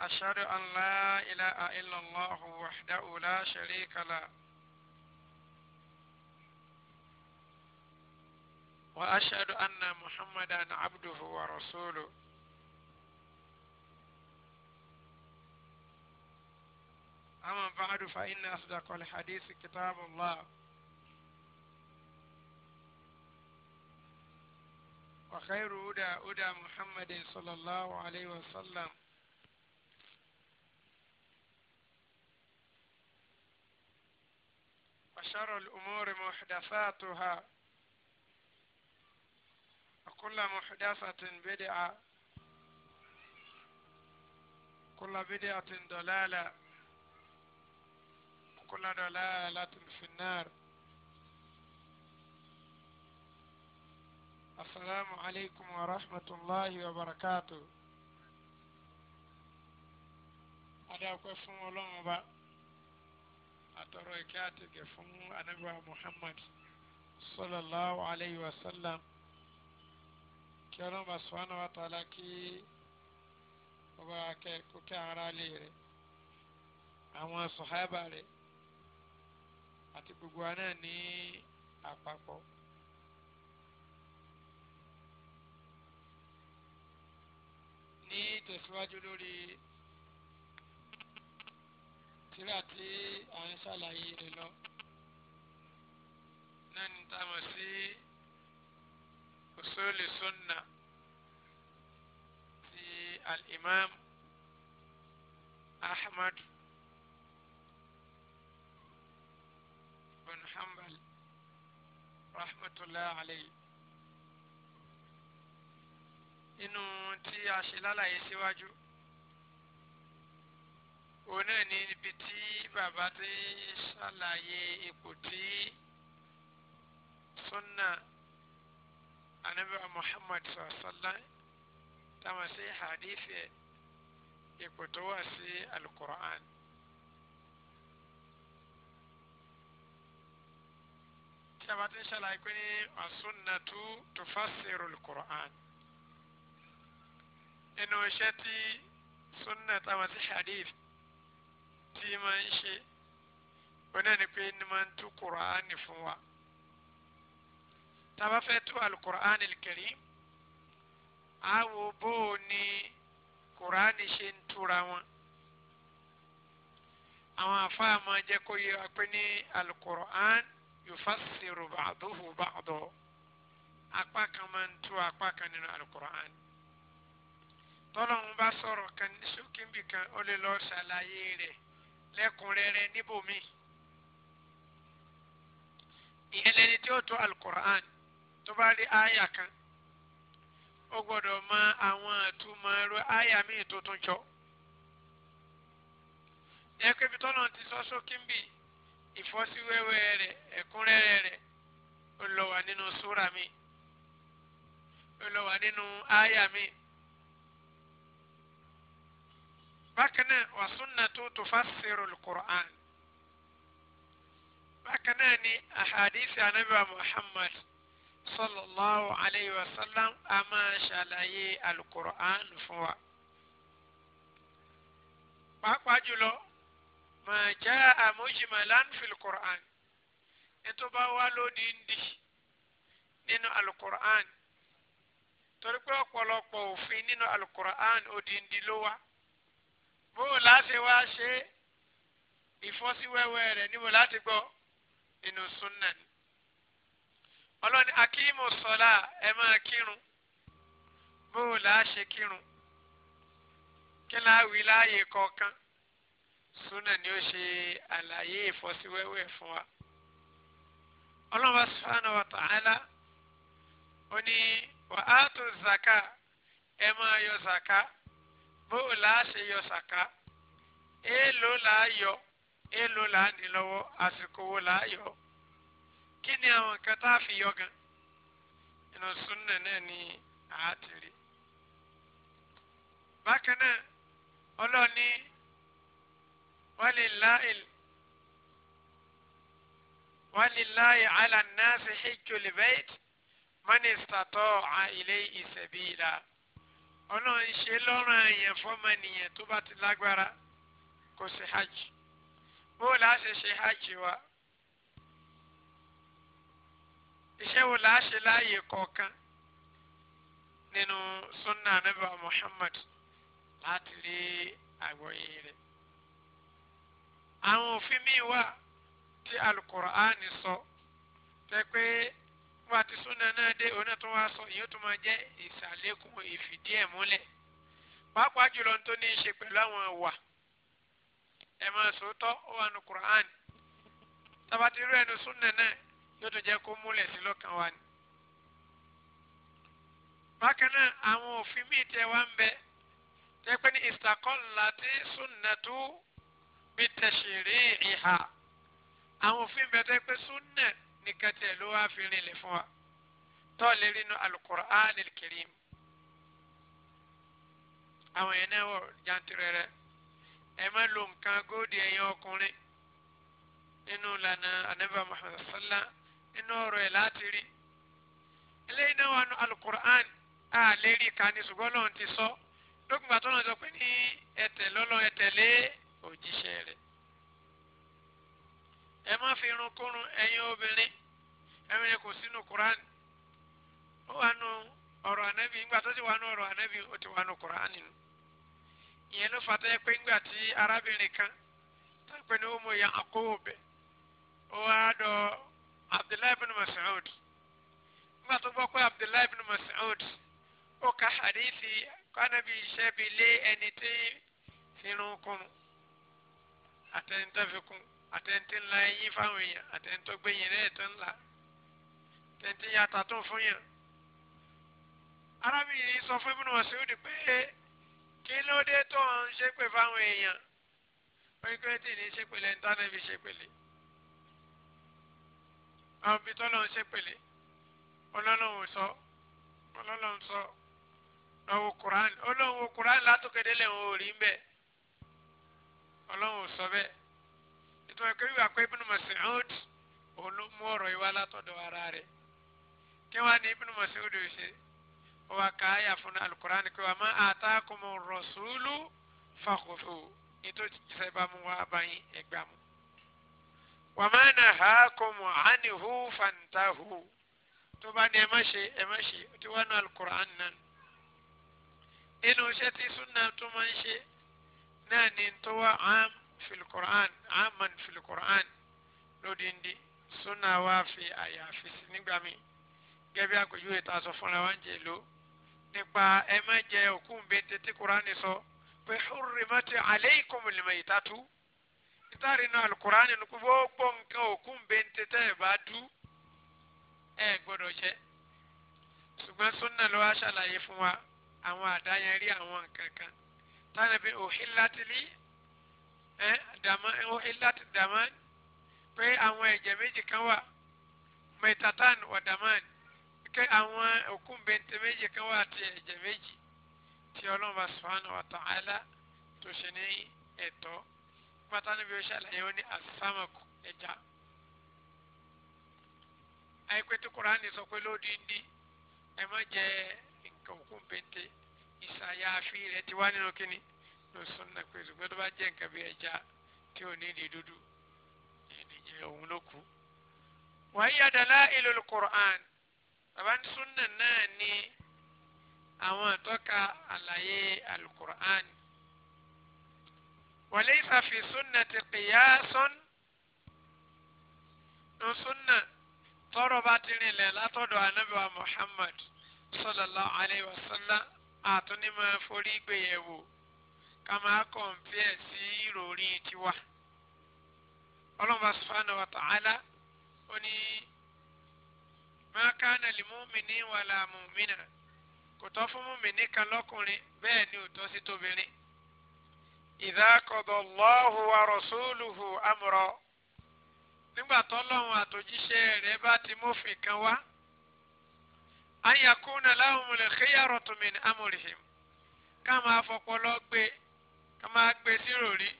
أشهد أن لا إله إلا الله وحده لا شريك له وأشهد أن محمدا عبده ورسوله أما بعد فإن أصدق الحديث كتاب الله وخير هدى هدى محمد صلى الله عليه وسلم شر الأمور محدثاتها وكل محدثة بدعة كل بدعة ضلالة وكل ضلالة في النار السلام عليكم ورحمة الله وبركاته أدعوكم الله وبركاته atọrọ ìkẹ́ àti ìgẹ̀ fún anabiwa muhammad sallallahu alayhi wa sallam kí ọlọ́mọba subhanahu wa ta'ala kí ọba akẹ́kọ̀ọ́ kí ara lè àwọn sọ̀hábà rẹ̀ àti gbogbo wa ní àpapọ̀. ní tẹ̀síwájú lórí tíra tí à ń ṣàlàyé rẹ̀ lọ náà ní tá a mọ̀ sí usul sunna ti al-imam ahmad bin hanbal rahmatulah alayhi inú tí a ṣe lálàyé síwájú. Si òun náà ní ibi tí bàbá ti ṣàlàyé ipò tí sunna anabi muhammad sàlá táwọn sí hadith yẹ ipò tó wà sí alukur'an. tí a bá ti ṣàlàyé pé ní as-sunnatu tufassiru al-Qur'an nínú iṣẹ́ tí sunna táwọn sí hadith tí máa ń ṣe oní ẹni pé ní máa ń tú kùránì fún wa tá a bá fẹ́ tú alukùránì Karim á wo bó o ní kùránì ṣe ń túra wọn àwọn àfáà máa jẹ́ kó yẹ wá ní alukùránì yufassiru ba'duhu ba'do apá kan máa ń tú apá kan nínú alukùránì tọ́lọ́hún bá sọ̀rọ̀ kan ní ṣókínbì kan ó lè lọ́ọ́ ṣàlàyé rẹ̀. lẹ́kùnrẹ́rẹ́ níbòmí ìyẹn lẹni tí ó tó alukur'an tó bá rí àyà kan ó gbọ́dọ̀ mọ àwọn àtúmọ̀ ẹrú àyà míì tó tún jọ ẹ̀kọ́ tọ́nà ti sọ sókè ń ìfọ́síwẹ́wẹ́ rẹ̀ ẹ̀kúnrẹ́rẹ́ rẹ̀ ó lọ wà nínú mi ó lọ wà nínú mi. bákan náà wà sunnatu tufassiru al-Qur'an bákan náà ni ahadisi anabiwa Muhammad sallallahu alayhi wa sallam a máa ṣàlàyé al-Qur'an fún wa pàápàá jùlọ ma jaa mujmalan fil qur'an ètò bá wà lódìndí nínú alukur'an torí pé ọ̀pọ̀lọpọ̀ òfin nínú alukur'an òdìndí bóò láti wá ṣe ìfọ́síwẹ́wẹ́ rẹ̀ níbo láti gbọ́ inú súnà ni. ọlọ́ni akíìmù sọ́lá ẹ máa kírun bóò láṣẹ kírun kí láwí láàyè kọ̀ọ̀kan súnà ni ó ṣe àlàyé ìfọ́síwẹ́wẹ́ fún wa. ọlọ́wọ́ sùfàánù wàtàlá ó ní wàhátù zaka ẹ máa yọ zaka bóò là á ṣe yọ sàká èèlò là á yọ èèlò là á ní lọ́wọ́ àsìkò wo là á yọ kí ni àwọn nǹkan tá a fi yọ gan inú súnnà náà ni àá ti rí bákan náà ọlọ́ọ̀ni walilahil walilahi ala nasi hijju libait man istata'a ilayhi sabila. ọlọ́run ṣe lọ́rùn èèyàn fọ́mọnìyàn tó bá ti lágbára kó ṣe hajj bó la ṣe hajj wa iṣẹ́ wo la láàyè kọ̀ọ̀kan nínú sunna anabi muhammad láti rí àgbọ́yé rẹ̀ àwọn òfin mi wà tí sọ tẹ́ wọ́n ti súnà náà dé òun náà tó wá sọ ìyẹn tó máa jẹ́ ìsàlékún ìfìdí ẹ̀ múlẹ̀ pàápàá jùlọ tó ní í ṣe pẹ̀lú àwọn wà ẹ̀ máa sòótọ́ ó wà ní Qur'an tabati irú ẹnu súnà náà yóò tó jẹ́ kó múlẹ̀ sí lọ́kàn wa ni. bákan náà àwọn òfin míì tẹ wá ń bẹ tẹ pé ní ìsàkọ́lá tí súnà tó bí tẹ̀sírí ìhà àwọn òfin bẹ tẹ pé súnà nìkan tẹ̀ ló wá fi rinlẹ̀ fún wa tó lè rí inú alukur'an al-karim àwọn yẹn náà wọ̀ jantirẹrẹ ẹ má lo nǹkan góòdì ẹ̀yin ọkùnrin nínú ìlànà anabi muhammad sallam nínú ọ̀rọ̀ ẹ̀ láti rí eléyìí náà wà nù alukur'an a lè rí ká ṣùgbọ́n lóun ti sọ lókùnbà tó lọ́n sọ pé ní ẹ̀tẹ̀ lọ́lọ́ ẹ̀tẹ̀lé òjíṣẹ́ rẹ̀. ẹ má fi irun kúrun ẹ̀yin obìnrin ẹ̀yin si sínú Kùránì ó wà nù ọ̀rọ̀ ànábì ńgbà tó ti wà nù ọ̀rọ̀ ànábì o ti wà n'o ngba kan tó ń pè ní ọmọ ìyá àkóòbẹ ó wá dọ̀ bin Mas'ud ngba tó gbọ́ pé Abdullahi bin o ka hadithi bi fi fi kunu. àtẹ̀ntì ńlá ẹyin fáwọn èèyàn àtẹ̀ntì ọgbẹ́yìn rẹ̀ tó ńlá àtẹ̀ntì yàtà tó fún yàn. arábìnrin sọ fún ibùdó ọ̀sẹ̀ òdì pé kí ló dé tó ń ṣépè fáwọn èèyàn pẹ́ẹ́kẹ́tì ní ṣépèlé ntánẹ́bì ṣépèlé àwọn ibi tọ́lọ́ ń ṣépèlé ọlọ́lọ́hún sọ ọlọ́lọ́hún sọ lọ́wọ́ kuran ọlọ́hún kuran ò rí ń bẹ́ẹ̀ ọlọ́hún sọ bẹ́ẹ̀ ìtọ́ ẹ̀kọ́ yìí wà pé Ibn Mas'ud òun ló mú ọ̀rọ̀ yìí wá látọ̀dọ̀ ara rẹ̀ kí wọ́n á ní Ibn Mas'ud ò ṣe wọ́n ká àyà fún alukurani pé wa ma atakumu rasulu fakhudhu nítorí ìṣẹ́ bá mú wá báyìí ẹgbàá mu wa ma nahakum anhu fantahu tó bá ní ẹ má ṣe ẹ má ṣe ti wá nu alukur'an náà nínú iṣẹ́ tí sunna tó máa ń ṣe náà am في القرآن aman في القرآن lódindi sunna سنة fi àyàfi في nígbà mi gẹ́gẹ́ àpèjúwe tá a sọ fúnra wa ń jẹ ló nípa ẹ má jẹ òkú bẹ́ntẹ́ tí Qur'an sọ pé hurrimat alaykumul maytatu ìtàrí náà alukur'an ni kó gbogbo nǹkan òkú bẹ́ntẹ́ tẹ́ ẹ bá dú ẹ gbọ́dọ̀ jẹ ṣùgbọ́n sunna ló wá ṣàlàyé fún wa àwọn àdáyẹnrí àwọn nǹkan kan tánàbí òhìn látìlí ẹ eh, daman eh, illat dàmán pé àwọn ẹ̀jẹ̀ méjì kan wà maitatan wà dàmán pé àwọn òkun bẹ̀ntẹ̀ méjì kan wà àti ẹ̀jẹ̀ méjì tí ọlọ́mọba subhanahu wa ta'ala tó ṣe ní ẹ̀tọ́ pátá níbi ó ṣàlàyé ó ní àsámàkù ẹja àìpé tí kúránì sọ pé lódì ń di ẹ má jẹ nǹkan òkun bẹ̀ntẹ̀ ìsàyà àfi rẹ̀ ti wá nínú kínní pé súnà pé ṣùgbọ́n tó bá jẹ́ nǹkan bí ẹja tí ò ní ìdí dúdú ìdíje òun ló kú. wọ́n yí àdàlá ìlú alukur'an bàbá ní súnà náà ní àwọn àtọ́ka àlàyé alukur'an. wọ́n lè sàfi súnà ti kìyàsán ní súnà tọrọ bá ti rìnlẹ̀ látọ̀dọ̀ anábìwá Muhammad sallallahu alayhi wa sallam àtúnímọ̀ forí gbéyẹ̀wò ká máa kọ̀m̀pẹ́ sí ìròrí tiwa ọlọ́mọba subhanahu wa ta'ala ó ní ma kana li mu'mini wala mu'mina kò tọ́ fún mu'mini kan lọ́kùnrin bẹ́ẹ̀ ni ò tọ́ sí tóbìnrin idha qadallahu wa rasuluhu amra nígbà tọ́lọ́run àtòjíṣẹ́ rẹ̀ bá ti mófin kan wá an yakuna lahumul khiyaratu min amrihim ká máa gbé sírò rí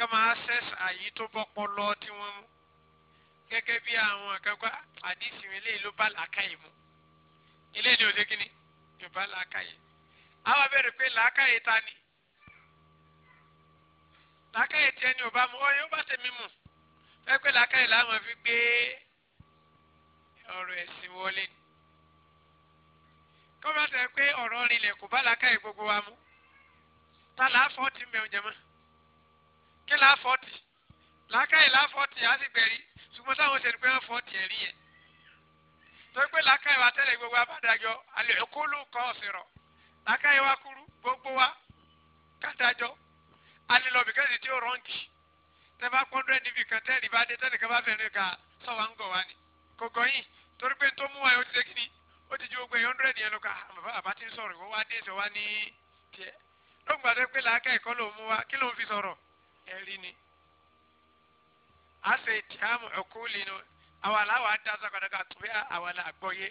ká máa ṣẹ́sì àyí tó bọ́pọ̀ lọ tí wọ́n mú gẹ́gẹ́ bí àwọn àkàgbà àdìsí mi léyìí ló bá làákàyè mu ilé ni òde kínní ló bá làákàyè àwọn abẹ́rẹ́ pé làákàyè ta ni làákàyè tiẹ̀ ni ò bá mu ó yóò bá tẹ̀mí mu fẹ́ pé làákàyè làwọn fi gbé ọ̀rọ̀ ẹ̀sìn wọlé kọ́ bá tẹ̀ pé ọ̀rọ̀ rinlẹ̀ kò bá làákàyè gbogbo wa mu ta là á fọ́ọ̀tì mẹ́wọ̀n jẹ́mọ́ kí là á fọ́ọ̀tì làákàyè là á fọ́ọ̀tì á sì gbẹ̀rí ṣùgbọ́n táwọn ṣe ni pé wọ́n fọ́ọ̀tì ẹ̀rí yẹn torí pé làákàyè wa tẹ́lẹ̀ gbogbo abádájọ́ alẹ́ òkúlù kọ́ ọ̀sìrọ̀ làákàyè wa kúrú gbogbo wa kàdájọ́ alẹ́ lọ́bì kẹ́sì tí ó rọ́ǹkì tẹ́ bá pọ́ndọ́ ẹ̀ níbi kan tẹ́lẹ̀ bá dé tẹ́lẹ̀ kan bá fẹ́ẹ́ ká sọ̀wá ń gọ̀ wá ni kò gọ̀yìn wa yóò ti ṣe kíni ó ti ju gbogbo ẹ̀ hundred yẹn lọ ká àbá ti ń sọ̀rọ̀ ìwọ wá dé sọ wá ó gbàdé pé làákẹ́ ẹ̀kọ́ ló mú wa kí ló ń fi sọ̀rọ̀ ẹ̀rí ni. a ṣe ìtìhámù ẹ̀kú linu àwọn aláwọ̀ á dá sọ́kọ̀dọ́gà tó bí àwọn àgbọ̀yé.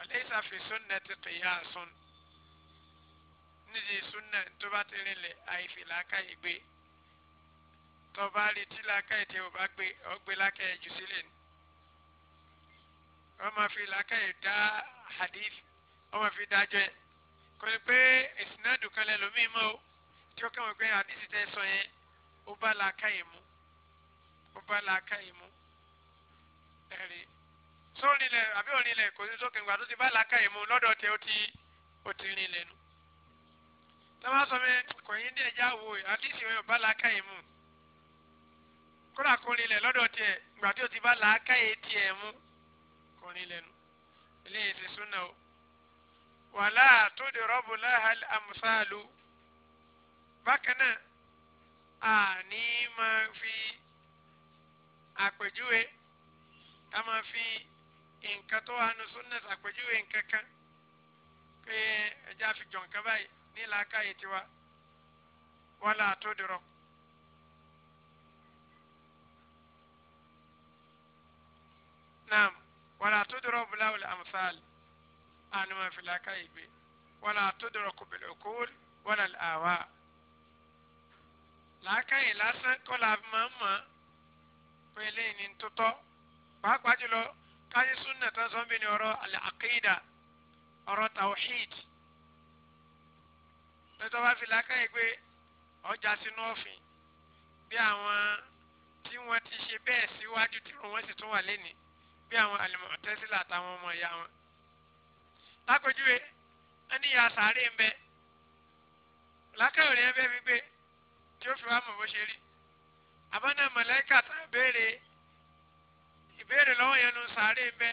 ọ̀lẹ́sà fi súnà ti kìyà sún nídìí súnà tó bá ti rinlẹ̀ àìfi làákàyè gbé tọba retí làákàyè tí o bá gbé ọgbẹ́ làákàyè jù sílẹ̀ ni wọ́n máa fi làákàyè dá hadith ọmọ fi dájọ́ ẹ kò yẹ pé ìsìnàdù kan lẹ́lòmíì mọ́ o tí ó kàn pé àdìsí tẹ́ sọ yẹn ó bá làákàyè mu ó bá làákàyè mu ẹ̀rí tó rinlẹ̀ àbí ò rinlẹ̀ kò sí sókè ńgbà tó ti bá làákàyè mu lọ́dọ̀ tẹ ó ti ó ti rinlẹ̀ nu tọ́wọ́ sọ pé kò yín díẹ̀ já wo àdìsí wọn ò bá làákàyè mu kódà kò rinlẹ̀ lọ́dọ̀ tiẹ̀ ńgbà tí ti bá làákàyè tiẹ̀ mu kò rinlẹ̀ nu eléyìí ti súnà o wàlá àtúndìrọ́bù láhàl àmúfàlù bákan náà àní máa fi àpèjúwe ká máa fi nǹkan tó wà nù súnà àpèjúwe nǹkan kan pé ẹja fi jọ nǹkan báyìí nílà káyè tiwa wàlá àtúndìrọ́bù. naam wàlá àtúndìrọ́bù láhàl àmúfàlù àni wọn fi làákàyè gbé wọn àtúndọ̀rọ̀ kò bẹ̀rẹ̀ òkú wọn àwa. làákàyè lásán kọ́ la máa ń mọ̀ pé eléyìí ni tó tọ́ pàápàá jùlọ káyé súnà tán sọ́nbí ni ọ̀rọ̀ àkídà ọ̀rọ̀ tawhid lọ́tọ́ bá fi làákàyè gbé ọjà sínú ọ̀fìn bí àwọn tí wọ́n ti ṣe bẹ́ẹ̀ síwájú tí wọ́n sì tún wà lẹ́nìí bí àwọn àlùmọ̀tẹ́sílà àtàwọn ọmọ ìyá wọn lápèjúwe ẹni ìyá sàárè ń bẹ làákàyò rẹ bẹ fi gbé tí ó fi wá mọ̀ bó ṣe rí àbáná mọ̀lẹ́kà tá béèrè ìbéèrè lọ́wọ́ yẹn nu sàárè ń bẹ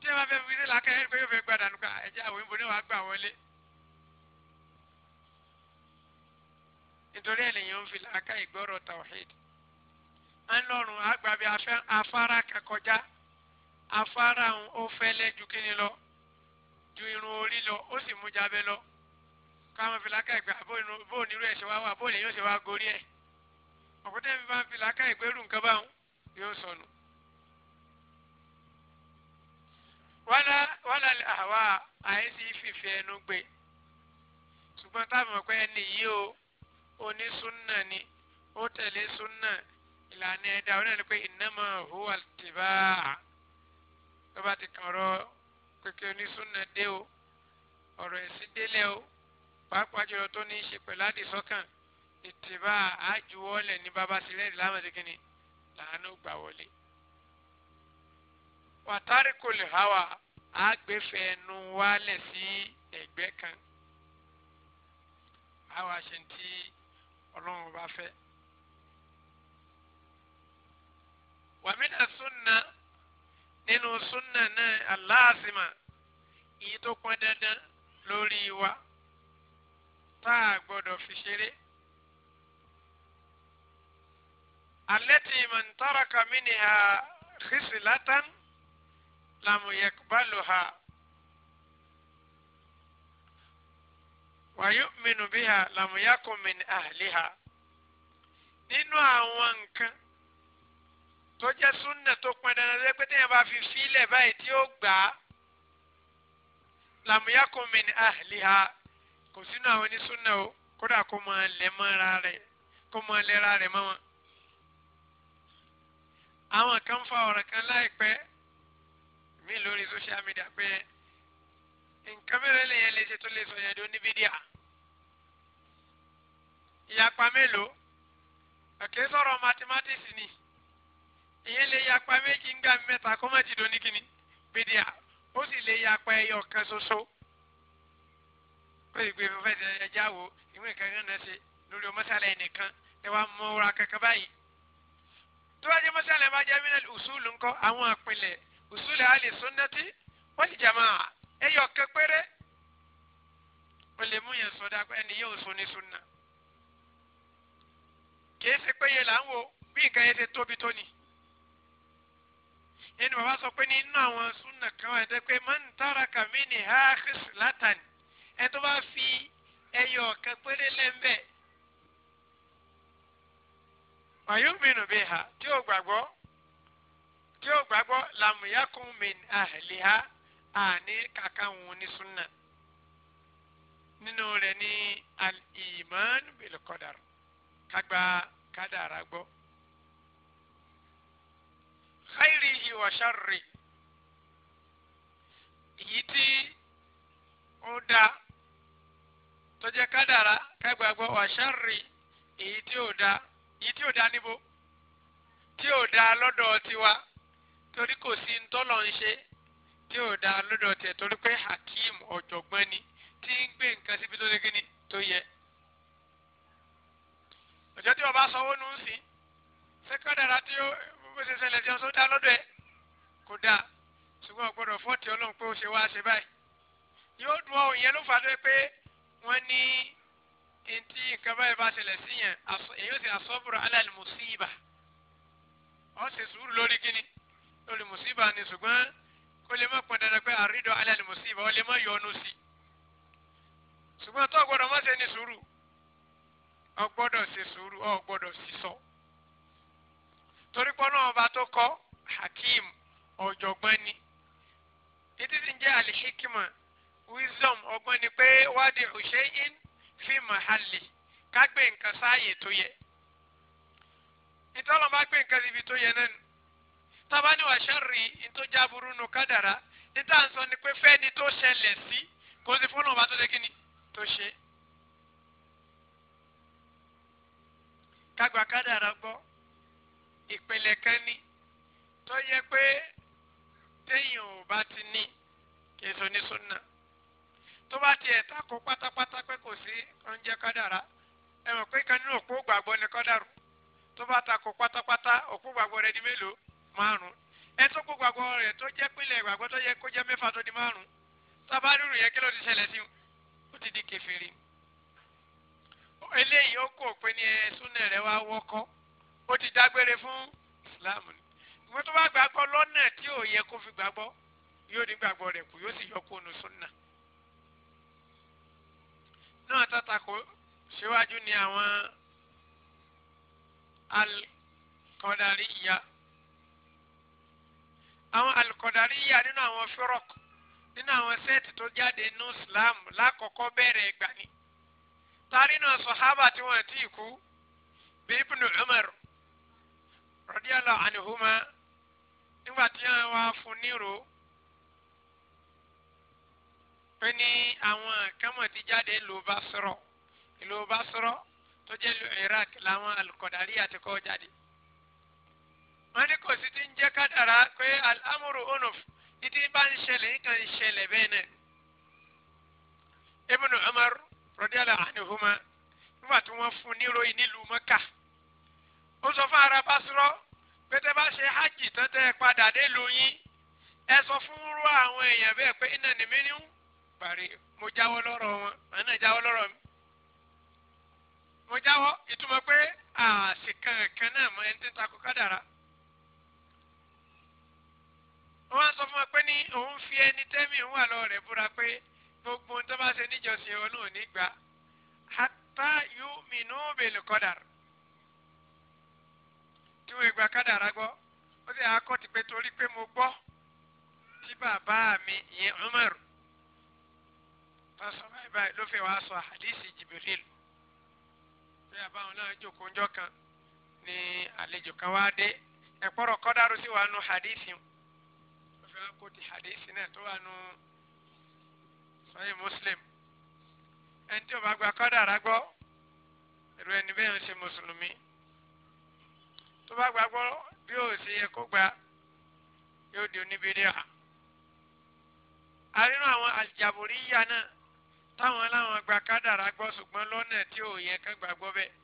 tí ẹ bá fẹ́ fi gbé làákàyò rẹ pé yóò fẹ́ gbà dànù ká ẹ̀jẹ̀ àwọn ìbò náà wàá gbà wọlé. nítorí ènìyàn ń fi làákàyè gbọ́rọ̀ tawhid à ń lọ́rùn afárá kan kọjá afárá òun ó fẹ́lẹ́ ju kíni lọ ju irun orí lọ ó sì mú jábẹ́ lọ káwọn filaka ìgbà bó onírú ẹ̀ ṣe wá wà bó lèyìn ó ṣe wá gorí ẹ̀ ọ̀pọ̀tẹ́ mi bá ń filaka ìgbérù nǹkan báwọn yóò sọnù. wọ́lá wọ́lá àwa àìsí fìfẹ́ ẹnu gbé ṣùgbọ́n táwọn ọ̀pẹ́ ẹni yìí o onísúnà ni ó tẹ̀lé súnà ìlànà ẹ̀dá onílẹ̀ pé ìnámọ̀ hùwà tìbá tó bá ti kàn rọ́ọ́ kékeré onísúnà dé o ọ̀rọ̀ ẹ̀sìn délé o pàápàá jùlọ tó ní í ṣe pẹ̀lú àdìsọ́kàn ìtìbá àjùwọ́lẹ̀ ní bàbá sílẹ̀ lámàdékìní làánú gbà wọlé. wàtárí kò lè háwà àgbẹ̀fẹ̀ ẹnu wálẹ̀ sí ẹ̀gbẹ́ kan àwa ṣe ti ọlọ́run bá fẹ́. wàmínà súnà nínú súnà náà aláàsìmà èyí tó pọn dandan lórí wa tá a gbọ́dọ̀ fi ṣeré. alẹ́tì mọ̀ntàràkà mí ni ha xisi látàn làmúyẹ̀kbálò ha. wàyúmínú bí ha làmúyàkùn mi ha. nínú àwọn nǹkan tó jẹ́ súnà tó pọn dandan lé pé téèyàn bá fi fílẹ̀ báyìí tí ó gbà á làmúyàkùn min ahliha kò sínú àwọn onísúnà o kódà kó máa lẹ̀ mọ́ra rẹ̀ kó máa lẹ́ra rẹ̀ mọ́ wọn. àwọn kan fa ọ̀rọ̀ kan láìpẹ́ mi lórí social media pé nǹkan mẹ́rin lèyẹn lè ṣe tó lè sọ yẹn di oníbídíà ìyapa mélòó ọ̀kẹ́ sọ̀rọ̀ mathematics ni ìyẹn lè yapa méjì ń gbà mẹ́ta kó má ti do ní kíni bídíà ó sì lè yapa ẹyọ kan ṣoṣo ó sì gbé fẹsẹ̀ ẹja wo ìwé nǹkan kan náà ṣe lórí mọ́sálẹ̀ nìkan ẹ wá mọ́ra kankan báyìí tó bá jẹ́ mọ́sálẹ̀ bá jẹ́ mílẹ̀ ùsùlù ńkọ́ àwọn àpilẹ̀ ùsùlù àlè sunnati wal jamaa ẹyọ kan péré ó lè mú yẹn sọdá ẹni yóò sun ní sunna kì í ṣe péye là ń wo bí nǹkan yẹn ṣe tóbi tó ni ẹni bàbá sọ pé nínú àwọn súnà kan wà dé pé man taraka minha khislatan ẹ tó bá fi ẹyọ ọ̀kan péré lẹ́ńbẹ̀ wàyúmínú biha tí ó gbàgbọ́ tí ó gbàgbọ́ làmúyákùn min ahliha àní kàkà wọn nínú rẹ̀ ní al-iman bil qadar kagbà gbọ́ khairihi wa sharri èyí tí ó kadara tó jẹ́ kádàrá kágbàgbọ́ wa sharri èyí tí ó da èyí tí ó da níbo tí ó da lọ́dọ̀ tiwa torí kò sí ntọ́lọ̀ ń ṣe tí ó da lọ́dọ̀ tiẹ̀ torí pé hakeem ọ̀jọ̀gbọ́n ni tí ń gbé nǹkan síbi tó ṣe ni tó yẹ ọjọ́ tí ọba sanwó nù ń sìn ṣé kádàrá tí bó ṣe ṣẹlẹ̀ sí ọsọ dá lọ́dọ̀ ẹ̀ kò dáa ṣùgbọ́n ọ̀gbọ́dọ̀ fọ́ọ̀tì ọlọ́run pé ó ṣe wá ṣe báyìí yóò dùn ọ́ ìyẹn ló fà dé pé wọ́n ní ntí nǹkan báyìí bá ṣẹlẹ̀ sí yẹn èyí ó sì àsọ́bùrọ̀ alal musiba ó ṣe sùúrù lórí kíni lórí musiba ni ṣùgbọ́n kó lè má pọn dandan pé àrídọ̀ alal musiba ó lè má yọnu sí ṣùgbọ́n tó ọ̀gbọ́dọ̀ má ṣe ní sùúrù ọ̀gbọ́dọ̀ ṣe sùúrù ọ̀gbọ́dọ̀ sísọ. So torí pé ọlọ́run ọba tó kọ́ hakim ọ̀jọ̀gbọ́n ni títí ti ń jẹ́ alihikima wisdom ọgbọ́n ni pé wádìí hussein fi mahali ká gbé nǹkan sáàyè tó yẹ ìtọ́lọ́ bá gbé nǹkan síbi tó yẹ náà nù tábà ní wàá ṣẹ́rì tó já burú nù kádàrá níta ń sọ ni pé fẹ́ni tó ṣẹlẹ̀ sí kò sí fún ọba tó ṣe kíni tó ṣe. kágbà kádàrá gbọ́. ìpele kan ní tó yẹ pé téèyàn ò bá ti ní kì í so ní súnà tó bá tiẹ̀ tako pátápátá pé kò sí oúnjẹ kádàrá ẹ mọ̀ pé kan nínú òpó gbàgbọ́ ni kọ́dàrú tó bá pátápátá òpó gbàgbọ́ rẹ di mélòó márùn ẹ tó kó gbàgbọ́ rẹ tó jẹ́ pínlẹ̀ gbàgbọ́ tó yẹ kó jẹ́ mẹ́fà di márùn di kẹfìrí eléyìí ó kó ó ti dágbére fún islam ni ìwé tó bá gbàgbọ́ lọ́nà tí ò yẹ kó fi gbàgbọ́ yóò ní gbàgbọ́ rẹ̀ kù yóò sì yọ kóònù súnà náà tàtàkó síwájú ni àwọn alkọdàríyà àwọn alkọdàríyà nínú àwọn fírọk nínú àwọn sẹẹtì tó jáde nínú islam lákọ̀ọ́kọ́ bẹ̀rẹ̀ ìgbà ni tari náà sọhábà tí wọ́n ti kú bí ibnu umar radiyallahu anhuma nígbà tí wọ́n wá fún nírò pé ní àwọn kẹ́mọ̀ ti jáde ló bá sọ̀rọ̀ ìlú bá sọ̀rọ̀ tó jẹ́ ìlú Iraq làwọn alukọ̀dárí àti kọ́ jáde. wọ́n ní kò sí ti ń jẹ́ kádàrá pé al-amru unuf bá ń ṣẹlẹ̀ ní ń ṣẹlẹ̀ bẹ́ẹ̀ náà. Ibn Umar radiyallahu anhuma nígbà tí wọ́n fún nírò yìí nílùú Mẹ́kà ó sọ fún ara pásírọ́ pé tẹ́ bá ṣe hajj tán tẹ́ ẹ padà dé lóyún ẹ sọ fún rú àwọn èèyàn bẹ́ẹ̀ pé iná ni mí ní parí mo jáwọ́ lọ́rọ̀ wọn àwọn náà jáwọ́ lọ́rọ̀ mi mo jáwọ́ ìtumọ̀ pé àṣìkan kan náà mọ ẹni tí ń takò kádàrá wọ́n á sọ fún wa pé ní òun fi ẹni tẹ́mì ń wà lọ rẹ̀ búra pé gbogbo ohun tó bá ṣe níjọsìn ọlọ́run nígbà hátà yóò mìíràn bèlè kọ́dàrú tí wọ́n gba kádàrá gbọ́ ó sì akọ́ ti pé torí pé mo gbọ́ tí bàbá mi ìyẹn Umar tọ́sán báyìí báyìí ló fẹ́ wàá sọ àdìsí Jibril bí àbáwọn náà jókòó ńjọ́ kan ní àlejò kan wá dé ẹ̀pọ̀rọ̀ kọ́dáró sí wàá nu àdìsí ó fẹ́ wá kó ti àdìsí náà tó wà nu sọ́yìn Muslim ẹni tí ó bá gba kádàrá gbọ́ irú ẹni bẹ́ẹ̀ ń ṣe mùsùlùmí tó bá gbàgbọ́ bí ó ṣe yẹ kó gba yóò di oníbèrè à. àrínú àwọn àjàbòrí yíya náà táwọn aláwọn gba kádàrá gbọ́ ṣùgbọ́n lọ́nà tí ò yẹ kán gbàgbọ́ bẹ́ẹ̀.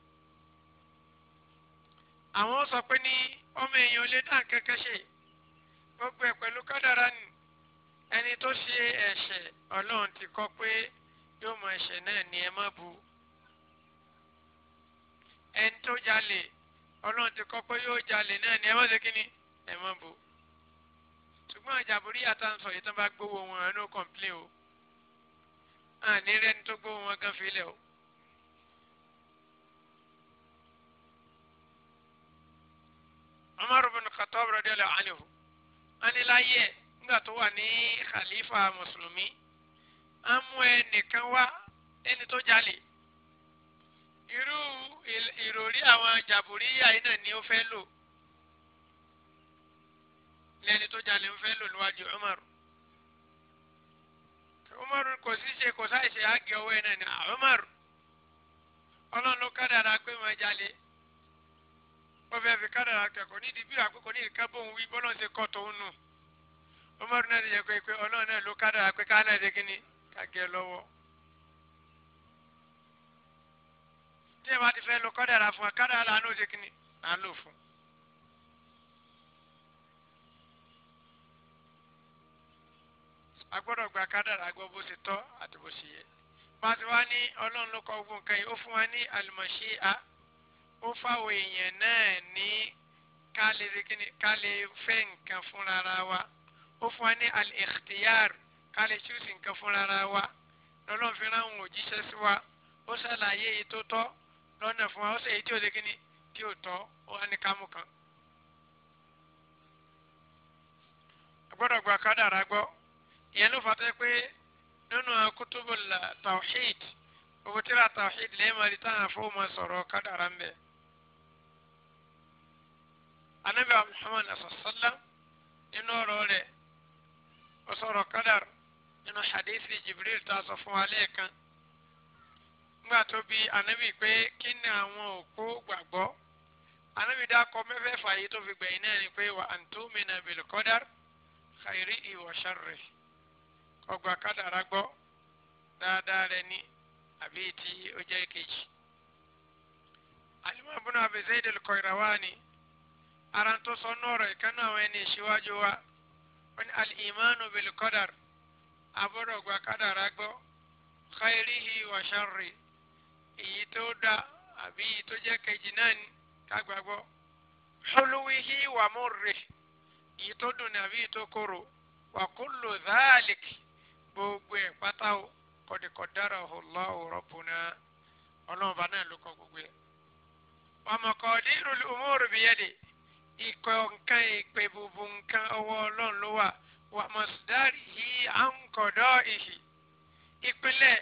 àwọn sọ pé ní ọmọ èèyàn lè dá nǹkan kan ṣe gbogbo ẹ̀ pẹ̀lú kádàrá ni ẹni tó ṣe ẹ̀ṣẹ̀ ọlọ́run ti kọ pé yóò mọ ẹ̀ṣẹ̀ náà ni ẹ má bu ẹni tó jalè ọlọ́run ti kọ́ pé yóò jalè náà ni ẹ má ṣe kí ni ẹ má bò ṣùgbọ́n àjàbórí àtàǹsọ̀ yìí tán bá gbowó wọn ẹ no complain o àní rẹ́ni tó gbowó wọn gan filẹ̀ o. Umar bin Khattab radiyallahu anhu ani láyé nígbà tó wà ní khalifa mùsùlùmí á mú ẹnìkan wá ẹni tó jalè. irú ìròrí àwọn jàbùríyà yìí ni ó fẹ́ lò lẹ́ni tó jalè ń fẹ́ lò níwájú Umar Umar kò sí ṣe kò sáì àgẹ ọwọ́ ẹ̀ ni Umar ọlọ́run kádàrà pé wọ́n jalè wọ́n fẹ́ fi kádàrà kẹ́kọ̀ọ́ nídìí bí àkókò ní ìka bóun wí bọ́lá ṣe kọ́ nù Umar náà ti yẹ pé ọlọ́run náà ló kádàrà pé ká náà ṣe kí ni kàgẹ́ lọ́wọ́. tí ẹ bá ti fẹ́ lo kádàrá fún ẹ kádàrá là ń lò ṣe kínní à ń lò fún. a gbọ́dọ̀ gba kádàrá gbọ́ bó ṣe tọ́ àti bó ṣe yẹ. bá a ti wá ní ọlọ́run ló kọ gbogbo nǹkan yìí ó fún wa ní àlùmọ̀ṣíà ó fáwọn èèyàn náà ní ká lè fẹ́ nǹkan fúnra wa ó fún wa ní al-ikhtiyar ká lè ṣúùsì nǹkan fúnra wa lọ́lọ́run fi ráhùn òjíṣẹ́ sí wa ó ṣàlàyé èyí tọ́ lọ́nà fún wa ó sì èyí tí ò lè kí ni tí ò tọ́ ó wá ní kámú kan. agbọ́dọ̀ gba kádàrá gbọ́ ìyẹn ló fàtẹ́ pé nínú akutubu la tawhid gbogbo tíra tawhid lẹ́yìn máa di táwọn afọ́wọ́ máa sọ̀rọ̀ kádàrá ń bẹ̀. anabi muhammad sallam nínú ọ̀rọ̀ rẹ̀ ó sọ̀rọ̀ kádàrá nínú hadithi jibril tá a sọ fún wa lẹ́ẹ̀kan nígbà tó bi ànábì pé kí ni àwọn òpó gbàgbọ́ ànábì dákọ mẹ́fẹ̀ẹ̀fà yìí tó fi gbẹ̀yìn náà ni pé wà á tó mi nà bil qadar khairi wa sharri ọgbà kádàrá gbọ́ dáadáa rẹ ní àbí ti ó jẹ́ kejì. alimọ̀ bùnú Abi Zaid al-Qayrawani ara tó sọ nọ́ọ̀rọ̀ ìkànnì àwọn ẹni ìṣíwájú wa wọn ni al-imanu bil qadar abọ́dọ̀ gbà kádàrá gbọ́ khairihi wa èyí tó dá àbí èyí tó jẹ́ kejì náà ni ká gbàgbọ́ hulwihi wa murri èyí tó dùn ní àbí èyí tó korò wa kullu dhalik gbogbo ẹ̀ pátá o qad qaddarahu Allahu rabbuna ọlọ́run bá náà ló kọ gbogbo ẹ̀. wa maqadirul umuri biyadi ikọ̀ nǹkan ìpè bubu nǹkan ọwọ́ ọlọ́run ló wà wa masdarihi an qada'ihi ìpínlẹ̀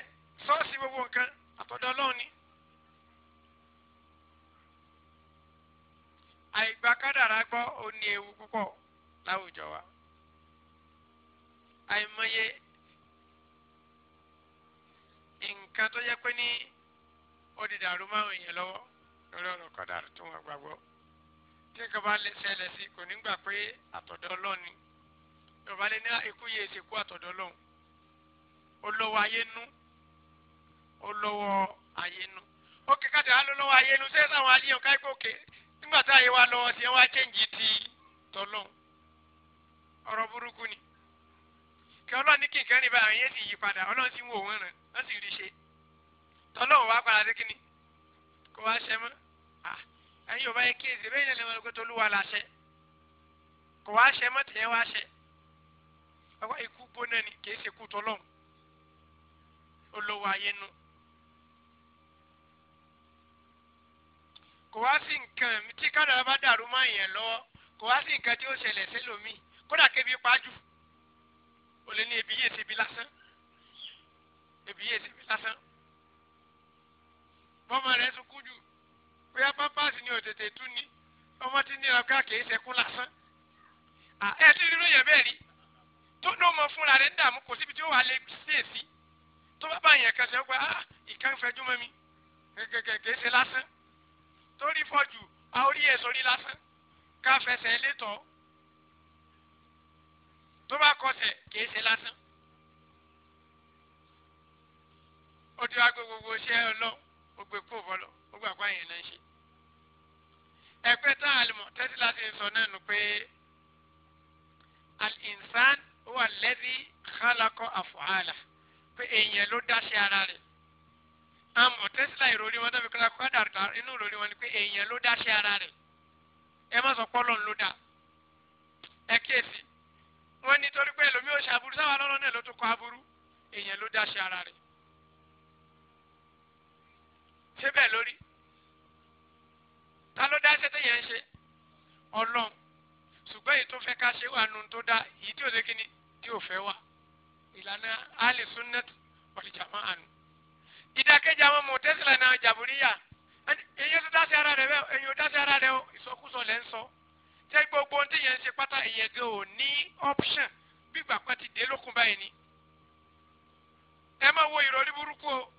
sọ́ọ̀sì gbogbo nǹkan àtọ̀dọ̀ ọlọ́run ni. àìgbà kádàrá gbọ́ ó ní ewu púpọ̀ láwùjọ wa àìmọye nǹkan tó yẹ pé ní ó di dàrú máwọn èèyàn lọ́wọ́ lórí ọ̀rọ̀ kádàrá tó wọn gbàgbọ́ tí nǹkan bá lè ṣẹlẹ̀ sí kò ní gbà pé àtọ̀dọ̀ ọlọ́run ni yorùbá lè ní ikú yìí èsì kú àtọ̀dọ̀ ọlọ́run ó ayé nú olówó ayénu òkè kájà á lọ́wọ́ ayénu ṣé sáwọn ajíyàn ká gbòkè nígbà tá àyè wa lọ́wọ́ sí ẹ wá chẹ́ǹjì ti tọ́lọ́hún ọ̀rọ̀ burúkú ni kí ọlọ́run ní kí nǹkan rìn báyìí àwọn yẹn sì yí padà ọlọ́run sì ń wò wọ́n rẹ̀ wọ́n sì rí ṣe tọ́lọ́run wá padà dé kínní kó wá ṣẹ mọ́ ẹ̀yin ò bá yẹ kíyèsí bẹ́ẹ̀ ni ẹlẹ́wọ̀n lọ́gbẹ́tọ̀ olúwa làṣẹ kò wá ṣẹ mọ́ tẹ̀yẹ́ wá ṣẹ ọwọ́ ikú gbóná ni kì í ṣe kú tọ́lọ́run olówó ayé nu kò wá sí nǹkan tí kádàrá bá dàrú máa yẹn lọ́wọ́ kò wá sí nǹkan tí ó ṣẹlẹ̀ sẹ́lòmíì kódà kébi pàjù ó lè ní ebi yé ṣe bi lásán ebi yé ṣe bi lásán bọ́mọ rẹ̀ sunkún jù bóyá pampers ni òtètè tú ni ọmọ tí ní ọgá kìí ṣẹkún lásán ẹ ti rí lóye bẹ́ẹ̀ rí tó ní ọmọ fúnra rẹ̀ ń dààmú kò síbi tí ó wà lè ṣèṣì tó bá bá yẹn kẹsẹ̀ ó gba ah, ìkànnì fẹjú mọ́ mi gẹ́gẹ́ kìí ṣe lásán torí fọ́jú àórí ẹ̀ sórí lásán ká fẹsẹ̀ létọ́ tó bá kọsẹ̀ kìí ṣe lásán. ó ti wá gbé gbogbo iṣẹ́ ọlọ́ gbogbo èkó bọ́lọ̀ gbogbo àpá yẹn náà ń ṣe. ẹgbẹ́ tá a lè mọ̀ tẹ́tí láti sọ náà nù pé al-insan huwa alladhi khalaqa af'ala pé èèyàn ló dá sí ara rẹ̀ àmọ́ tẹsílà ìròrí wọn tẹbi kọlá kọlá dàrúdà inú ìròrí wọn ni pé èèyàn ló dá sí ara rẹ̀ ẹ má sọ pọlọ ló dá ẹ kíyèsí wọn nítorí pé ẹlòmíì ò ṣe aburú sáwọn alọ́nà náà ló tún kọ aburú èèyàn ló dá sí ara rẹ̀ ṣé bẹ́ẹ̀ lórí ta ló dá ṣe téèyàn ń ṣe ọlọ́run ṣùgbọ́n èyí tó fẹ́ ká ṣe wà nù tó dá èyí tí ò ṣe kíni tí ò fẹ́ wà ìlànà alẹ́ sunnat wal jama'ah ìdákẹ́jẹ́ àwọn mọ̀tẹ́sílà náà jàbúríyà èyí tó dá sí ara rẹ bẹ́ẹ̀ èyí tó dá sí ara rẹ ìsọkúsọ lẹ́ ń sọ tẹ́ gbogbo ohun tí yẹn ń ṣe pátá ìyẹn gan ò ní option gbígbà kan ti dé lókun báyìí ni ẹ máa wo ìrọ̀lẹ́ burúkú o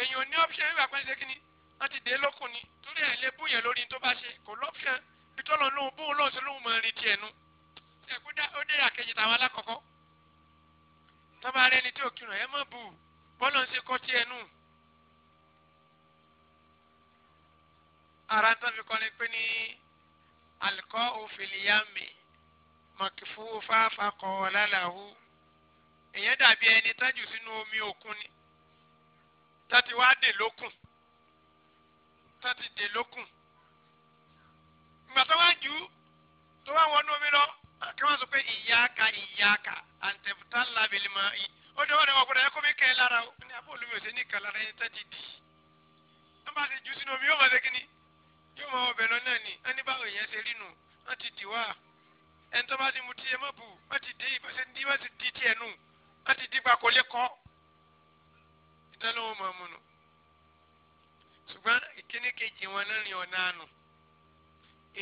èyí ò ní option gbígbà kan ti dé kíni wọ́n ti dé lókun ni torí ẹ̀ lè búyẹn lórí tó bá ṣe kò lọ́pṣẹ̀ ìtọ́nà lóhun bóun lọ́ọ̀ sí lóhun mọ̀ rin tiẹ̀ nu ẹ̀kú ó dé àkejì táwọn alákọ̀ọ́kọ́ tọ́ba rẹ ni tí ò kírun ẹ má bù ú bọ́lọ̀ ń ṣe kọ́ tiẹ̀ nù. ara ń tán fi kọ́ ni pé ní alikọ́ òfìlíyàmì mọ̀kìfú fáfá kọ́ ọ̀làlàhù èyàn dàbí ẹni tájù sínú omi òkun ni tàti wá dè lókun tàti dè lókun ìgbà tó wá jù tó wá wọnú omi lọ kí wọ́n sọ pé ìyá ka ìyá ka àǹtẹ̀bùtà ńlá bẹ̀lẹ̀ mọ́ ìyá ó dé wọ́n ọkùnrin ẹ̀kọ́ mi kẹ́ ẹ lára o ní abọ́ olómi ọ̀sẹ̀ ní kàlára ẹni tẹ́tí di wọ́n bá ti jù sínú omi yóò máa ṣe kíni yóò máa ọbẹ̀ lọ náà ni ẹni báwo èèyàn ṣe rí nù wọ́n ti dì wá ẹni tó bá ti mu tiẹ̀ mọ́ bù wọ́n ti dé ìbáṣẹ́ ní wọ́n ti di tiẹ̀ nù wọ́n ti dípa kò lè kọ́ ìdánilọ́wọ́ máa mu nù ṣùgbọ́n ìkíní kejì wọn náà rìn ọ̀nà àánú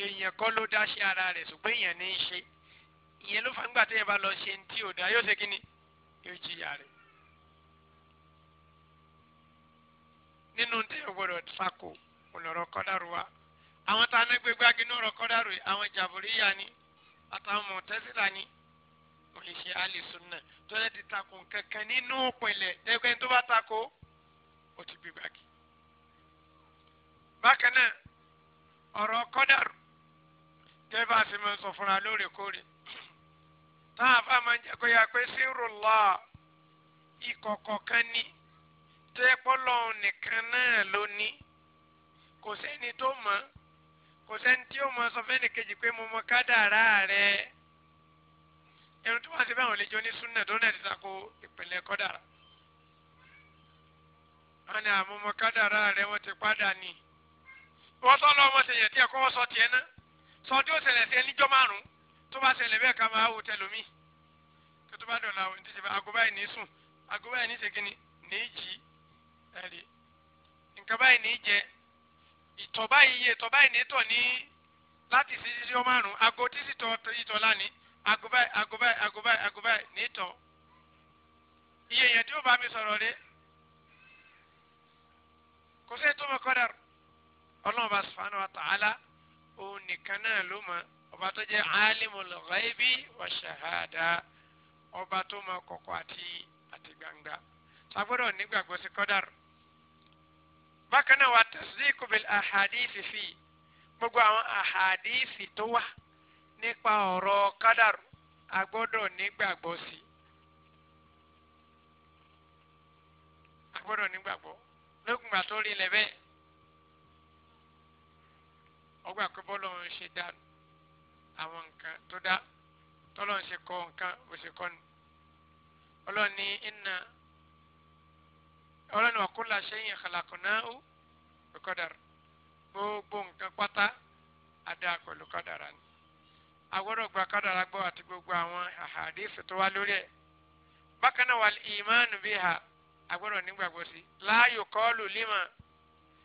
èèyàn kọ́ ló dá ṣe ara rẹ̀ ṣùgbọ́n èèyàn ní í ṣe ìyẹn ló fà ń gbà téèyàn bá lọ ṣe ní tí ò dá yóò ṣe kíni yóò jìyà rẹ̀ nínú tí o gbọ́dọ̀ sako olọrọ kọdàrú wa àwọn tá a ní gbégbá gínú ọ̀rọ̀ kọdàrú yìí àwọn jàbúríyà ni àtàwọn mọtẹsílà ni kò lè ṣe àlìsúnà tó lè ti tako kankan nínú pẹ̀lẹ́ ẹgbẹ tó bá tako ó ti gbégbá gí. bákan náà ọ̀rọ̀ kọdàrú gẹ́gẹ́ bá a ṣe máa sọ fúnra lóòrèkóòrè táwọn afa máa ń jẹ́ kó yá pé sírùlá ìkọ̀kọ̀ kan ní tó yẹ pọ́lọ́ nìkan náà ló ní kò sẹ́ni tó mọ̀ kò sẹ́ni tí ó mọ̀ sọ fẹ́ni kejì pé mo mọ̀ kádàrá rẹ̀ ẹnu tó wá sí báwọn lè jọ ní súnà tó náà ti tako ìpìlẹ̀ kọ́dàrá wọn ni àwọn ọmọ kádàrá rẹ̀ wọ́n ti padà ní wọ́n tọ́ lọ́wọ́ mọ̀ tí ẹ̀kọ́ wọ́n sọ tiẹ̀ náà sọ tí ó ṣẹlẹ̀ sí ẹni jọ́ márùn-ún tó bá ṣẹlẹ̀ bẹ́ẹ̀ ká máa wò tẹlomi kí tó bá dọ̀la o ti ṣẹlẹ̀ àgọ́ báyìí ní sùn àgọ́ báyìí ní ṣègìní ní jì ẹ̀rí nǹkan báyìí ní jẹ ìtọ̀ báyìí yẹ ìtọ̀ báyìí ní tọ̀ ní láti sí sí ọmọ àrùn àgọ́ tí sì tọ̀ ìtọ̀ lánìí àgọ́ báyìí àgọ́ báyìí àgọ́ báyìí àgọ́ báyìí ní tọ̀ iye yẹn tí ó bá mi sọ̀rọ̀ rẹ kò sí ètò mọ́kọ́dà ọlọ́run bá subhanahu wa òun nìkan náà ló mọ̀ ọba tó jẹ́ alimul ghaibi wa shahada ọba tó mọ kọ̀kọ̀ àti àti gbangba sagbọ́dọ̀ nígbàgbọ́ sí kọ́dàr bákan náà wà tasdiqu bil ahadithi fi gbogbo àwọn ahadithi tó wà nípa ọ̀rọ̀ kọ́dàr agbọ́dọ̀ nígbàgbọ́ sí agbọ́dọ̀ nígbàgbọ́ lókùngbà tó rí lẹ́bẹ̀ẹ́ ọgbà pé bọ́lọ̀ ń ṣe dànù àwọn nǹkan tó dá tọ́lọ́n ṣe kọ́ nǹkan bó ṣe kọ́ ni ọlọ́run ní iná ọlọ́run ní wàkúlà ṣẹ́yìn khalaqnahu biqadar gbogbo nǹkan pátá adá pẹ̀lú kádàrá ni agbọ́dọ̀ gba kádàrá gbọ́ àti gbogbo àwọn àhàdíìsì tó wá lórí ẹ̀ bákan náà wàl ìmánu biha agbọ́dọ̀ nígbàgbọ́ sí láàyò kọ́ọ̀lù límà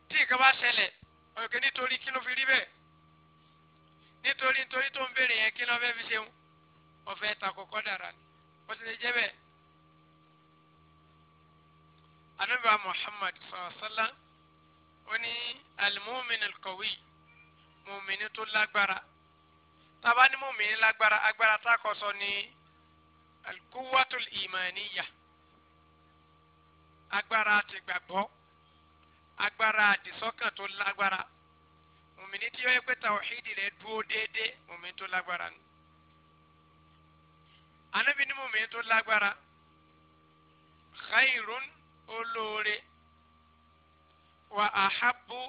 tí nǹkan bá ṣẹlẹ̀ ọ̀gẹ́ nítorí kí ló fi rí bẹ́ẹ̀ nítorí nítorí tó ń béèrè yẹn kí ló fẹ́ fi ṣeun ọ̀fẹ́ ta kọ́kọ́ dára ni ó sì lè jẹ́ bẹ́ẹ̀. anábìá Muhammad sọ̀rọ̀sọ́lá ó ní alimumin alkawi mùmíní tó lágbára tábà ní mùmíní lágbára agbára tá a kọ sọ ní alkuwatul imaniya agbára ti gbàgbọ́ agbára àdìsọ́kàn tó lágbára mùmíní tí yóò pé tàwọ̀hídì rẹ̀ dúró déédéé mùmíní tó lágbára ni anábì ní mùmíní tó lágbára khairun olóore wa ahabu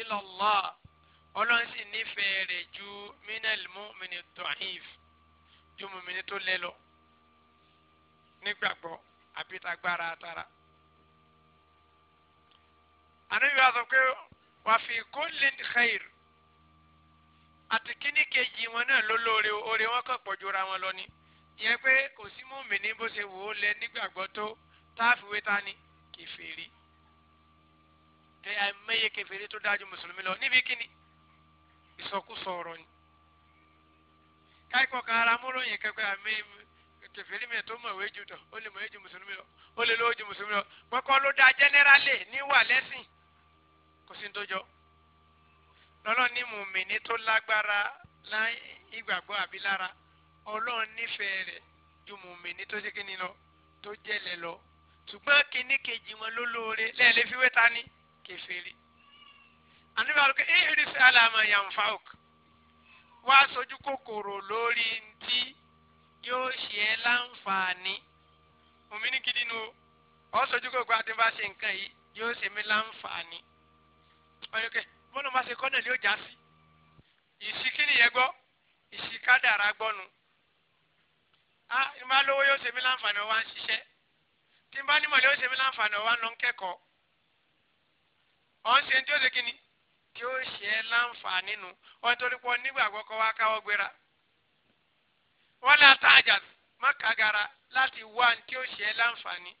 ilallah ọlọ́run sì nífẹ̀ẹ́ rẹ̀ ju minal mùmíní tọ̀hìf ju mùmíní tó lẹ́ lọ nígbàgbọ́ àbí tara anábì pé wàfi kullin khair àti kíní kejì wọn náà ló lóore oore wọn kàn pọ̀jù ra wọn lọ ni ìyẹn pé kò sí mùmíní bó ṣe wò ó lẹ nígbàgbọ́ tó táàfìwé ta ni kèfèrí tẹ àìmọye kèfèrí tó dájú mùsùlùmí lọ níbi kíni ìsọkúsọ ọ̀rọ̀ ni káìkọ kan ara mú ròyìn kẹkẹ àmì kèfèrí mi tó mọ̀wé jù tọ̀ ó lè mọ̀wé jù mùsùlùmí lọ ó lè lówó jù mùsùlùmí lọ pẹ́kọ́ ló dá jẹ́nẹ́rálì níwà lẹ́sìn kò sí ní tó jọ lọ́lọ́ ní mùmíní tó lágbára láì ìgbàgbọ́ àbí lára ọlọ́run nífẹ̀ẹ́ rẹ̀ ju mùmíní tó ṣe kíni lọ tó jẹ́lẹ̀ lọ ṣùgbọ́n kíní kejì wọn ló lóore lẹ́ẹ̀lẹ́ fi wẹ́ta ní kẹfẹ́rì àníbà lóko iris alama yanfauk wá sojú kòkòrò lórí ntí yóò ṣe é láǹfààní mùmíní gidi nu ọ sojú kòkòrò àti bá ṣe nǹkan yìí yóò ṣe mí láǹfààní ọ̀yọ̀kẹ́ bọ́lá máa ṣe kọ́nà ni ó já sí ìsìkìrì yẹn gbọ́ ìsìkádàrà gbọ́nu a ìmọ̀ alówó yóò ṣe mí láǹfààní ọ̀wá ń ṣiṣẹ́ tí n bá nímọ̀ yóò ṣe mí láǹfààní ọ̀wá ń lọ kẹ́kọ̀ọ́ ọ̀n ṣe tí ó ṣe kíni tí ó ṣe é láǹfààní nu wọ́n torí pọ̀ nígbàgbọ́ kọ́ wá káwọ́ gbéra wọ́n lè ata àjà mọ́kàgàrà láti wá tí ó ṣe é láǹfààní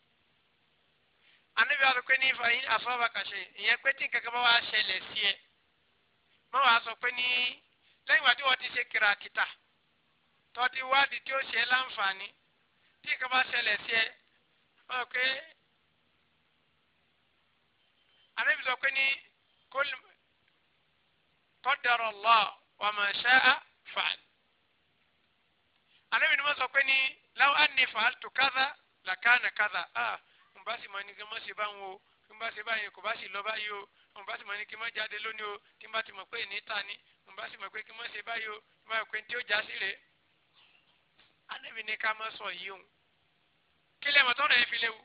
anabi wa sọ pé ní ìfàyín àfọwọ́bàkàṣe ìyẹn pé tí kankan bá wà ṣẹlẹ̀ sí ẹ mọ wàá sọ pé ní lẹ́yìn ìgbà tí wọ́n ti ṣe kìrà kìtà tọ́tí wádìí tí ó ṣe láǹfààní tí kankan bá ṣẹlẹ̀ sí ẹ mọ pé anabi sọ pé ní kọ́dọ̀rọ̀ lọ wà máa ṣe á fàl. anabi ni wọ́n sọ pé ní láwọn á ní fàl tó kádà làkàna kádà òun bá sì kí n má ṣe báwọn o kí n báyìí kò bá sì lọ báyìí o òun bá sì kí n má jáde lónìí o tí n bá ti mọ̀ pé ìní ta ni òun bá pé kí n má ṣe báyìí o kí n má pé tí ó já sí rèé. Ànábì ní ká má sọ yìí òun kí lè mọ̀ tọ́nà yẹn fi léwu.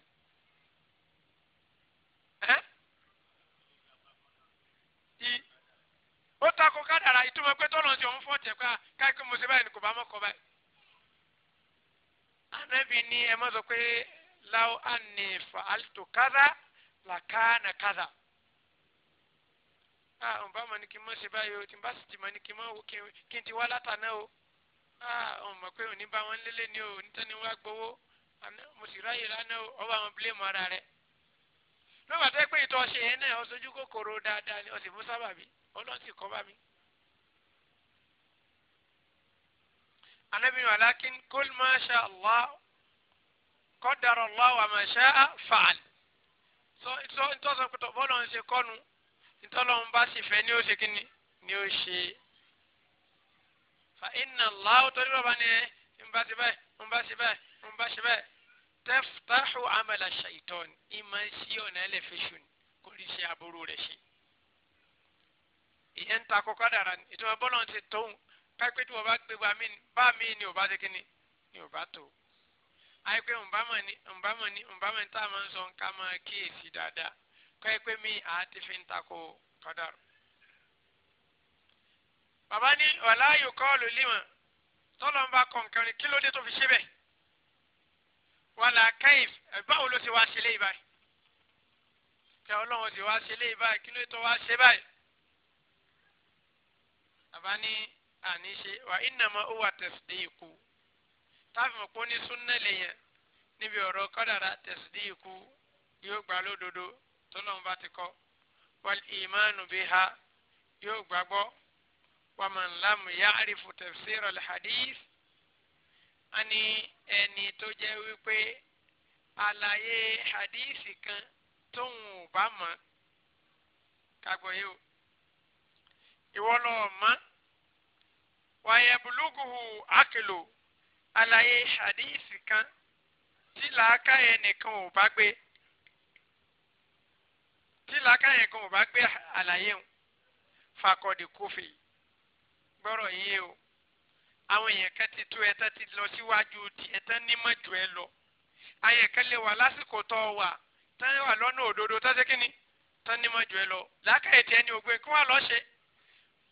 ó takò kádàrà ìtumọ̀ pé tọ́nà ti òun fọ́ tẹ̀ pé káyọ̀ mo ṣe báyìí ni kò bá mọ̀ báyìí. Ànábì ní ẹ má sọ pé law anni fa'altu kadha làkàna kadha ah ǹbá mọ̀ ní kí n mọ̀ ṣe báyìí o tí n bá sì ti mọ̀ ní kí n mọ̀ wò kí n ti wá látàná o ah ọ̀n mọ̀ pé òní bá wọn lélẹ̀ ni o nítorí wá gbowó mo sì ráyè lánàá o ọba àwọn bílẹ̀mù ara rẹ̀ lọ́wọ́ àti pé ìtọ́ ṣe yẹn náà ọ̀ṣojú kòkòrò dáadáa ni ọ̀sìn musa bàbí ọlọ́run sì kọ́ bá mi. anábìyàn alákin kólmá ṣá allah qadara Allah wa ma sha'a fa'al sọ sọ ntọ́sọ pé bọ́ọ̀lù ń ṣe kọ́nu ntọ́lọ́ ń bá sì fẹ́ ni ó ṣe kíni ni ó ṣe. fa inna Allah torí bàbá ni ẹ ń ṣe bẹ́ẹ̀ ń bá ṣe bẹ́ẹ̀ ń bá ṣe bẹ́ẹ̀ taftahu amala shaitan ìmọ̀ sí ọ̀nà ẹlẹ́fẹ̀ ṣùn kò rí ṣe aburú rẹ̀ ṣe. ìyẹn ta kọ́kọ́ dára ni ìtumọ̀ bọ́ọ̀lù ń ṣe tóun kápẹ́ tí wọ́n bá gbé bá mi ni ò bá ṣe kíni ni ò bá tó ayé pé ǹbámọ̀ ni ǹbámọ̀ ni ǹbámọ̀ ni tá a máa ń sọ ká máa kíyèsí dáadáa kọ́ ẹ pé mi à á ti fi ń takò kọ́dọ̀rọ̀. bàbá ní ọ̀la ayò kọ́ọ̀lù límọ̀ tọ́lọ̀ ń bá kọ̀ǹkan ni kí ló dé tó fi ṣe bẹ́ẹ̀ wàlà káyìf báwo ló ti wá ṣe léyìí báyìí kí ọlọ́run ti wá ṣe léyìí báyìí kí ló tó wá ṣe báyìí. bàbá ní àníṣe wà ìnàmọ́ ó wà tẹ̀sídẹ̀ẹ́kù táfìmù kó ní súnà lèyàn níbi ọ̀rọ̀ kádàrá tẹ̀sídì ikú yóò gbà lódodo tọ́lọ́run bá ti kọ́ wal ìmánu biha yóò gbàgbọ́ waman lam ya'rifu tafsir al-hadith a ní ẹni tó jẹ́ wípé àlàyé hadíìsì kan tóun ò bá mọ̀ kagbọ̀ yìí o ìwọ lọ́ọ́ mọ́ wàyẹ̀ bùlùkùhù àkìlò àlàyé hadisi kan tí làákàyè nìkan ò bá gbé tí làákàyè kan ò bá gbé àlàyé wọn fakọ̀dì kófì gbọ́rọ̀ yìí o àwọn èèyàn kan ti tó ẹ tán ti lọ síwájú tiẹ̀ tán nímọ̀ jù ẹ lọ ayẹ kan lè wà lásìkò tó wà tán wà lọ́nà òdodo tán ṣe kíni tán nímọ̀ jù ẹ lọ làákàyè tiẹ̀ ní ògbé kí wọ́n lọ ṣe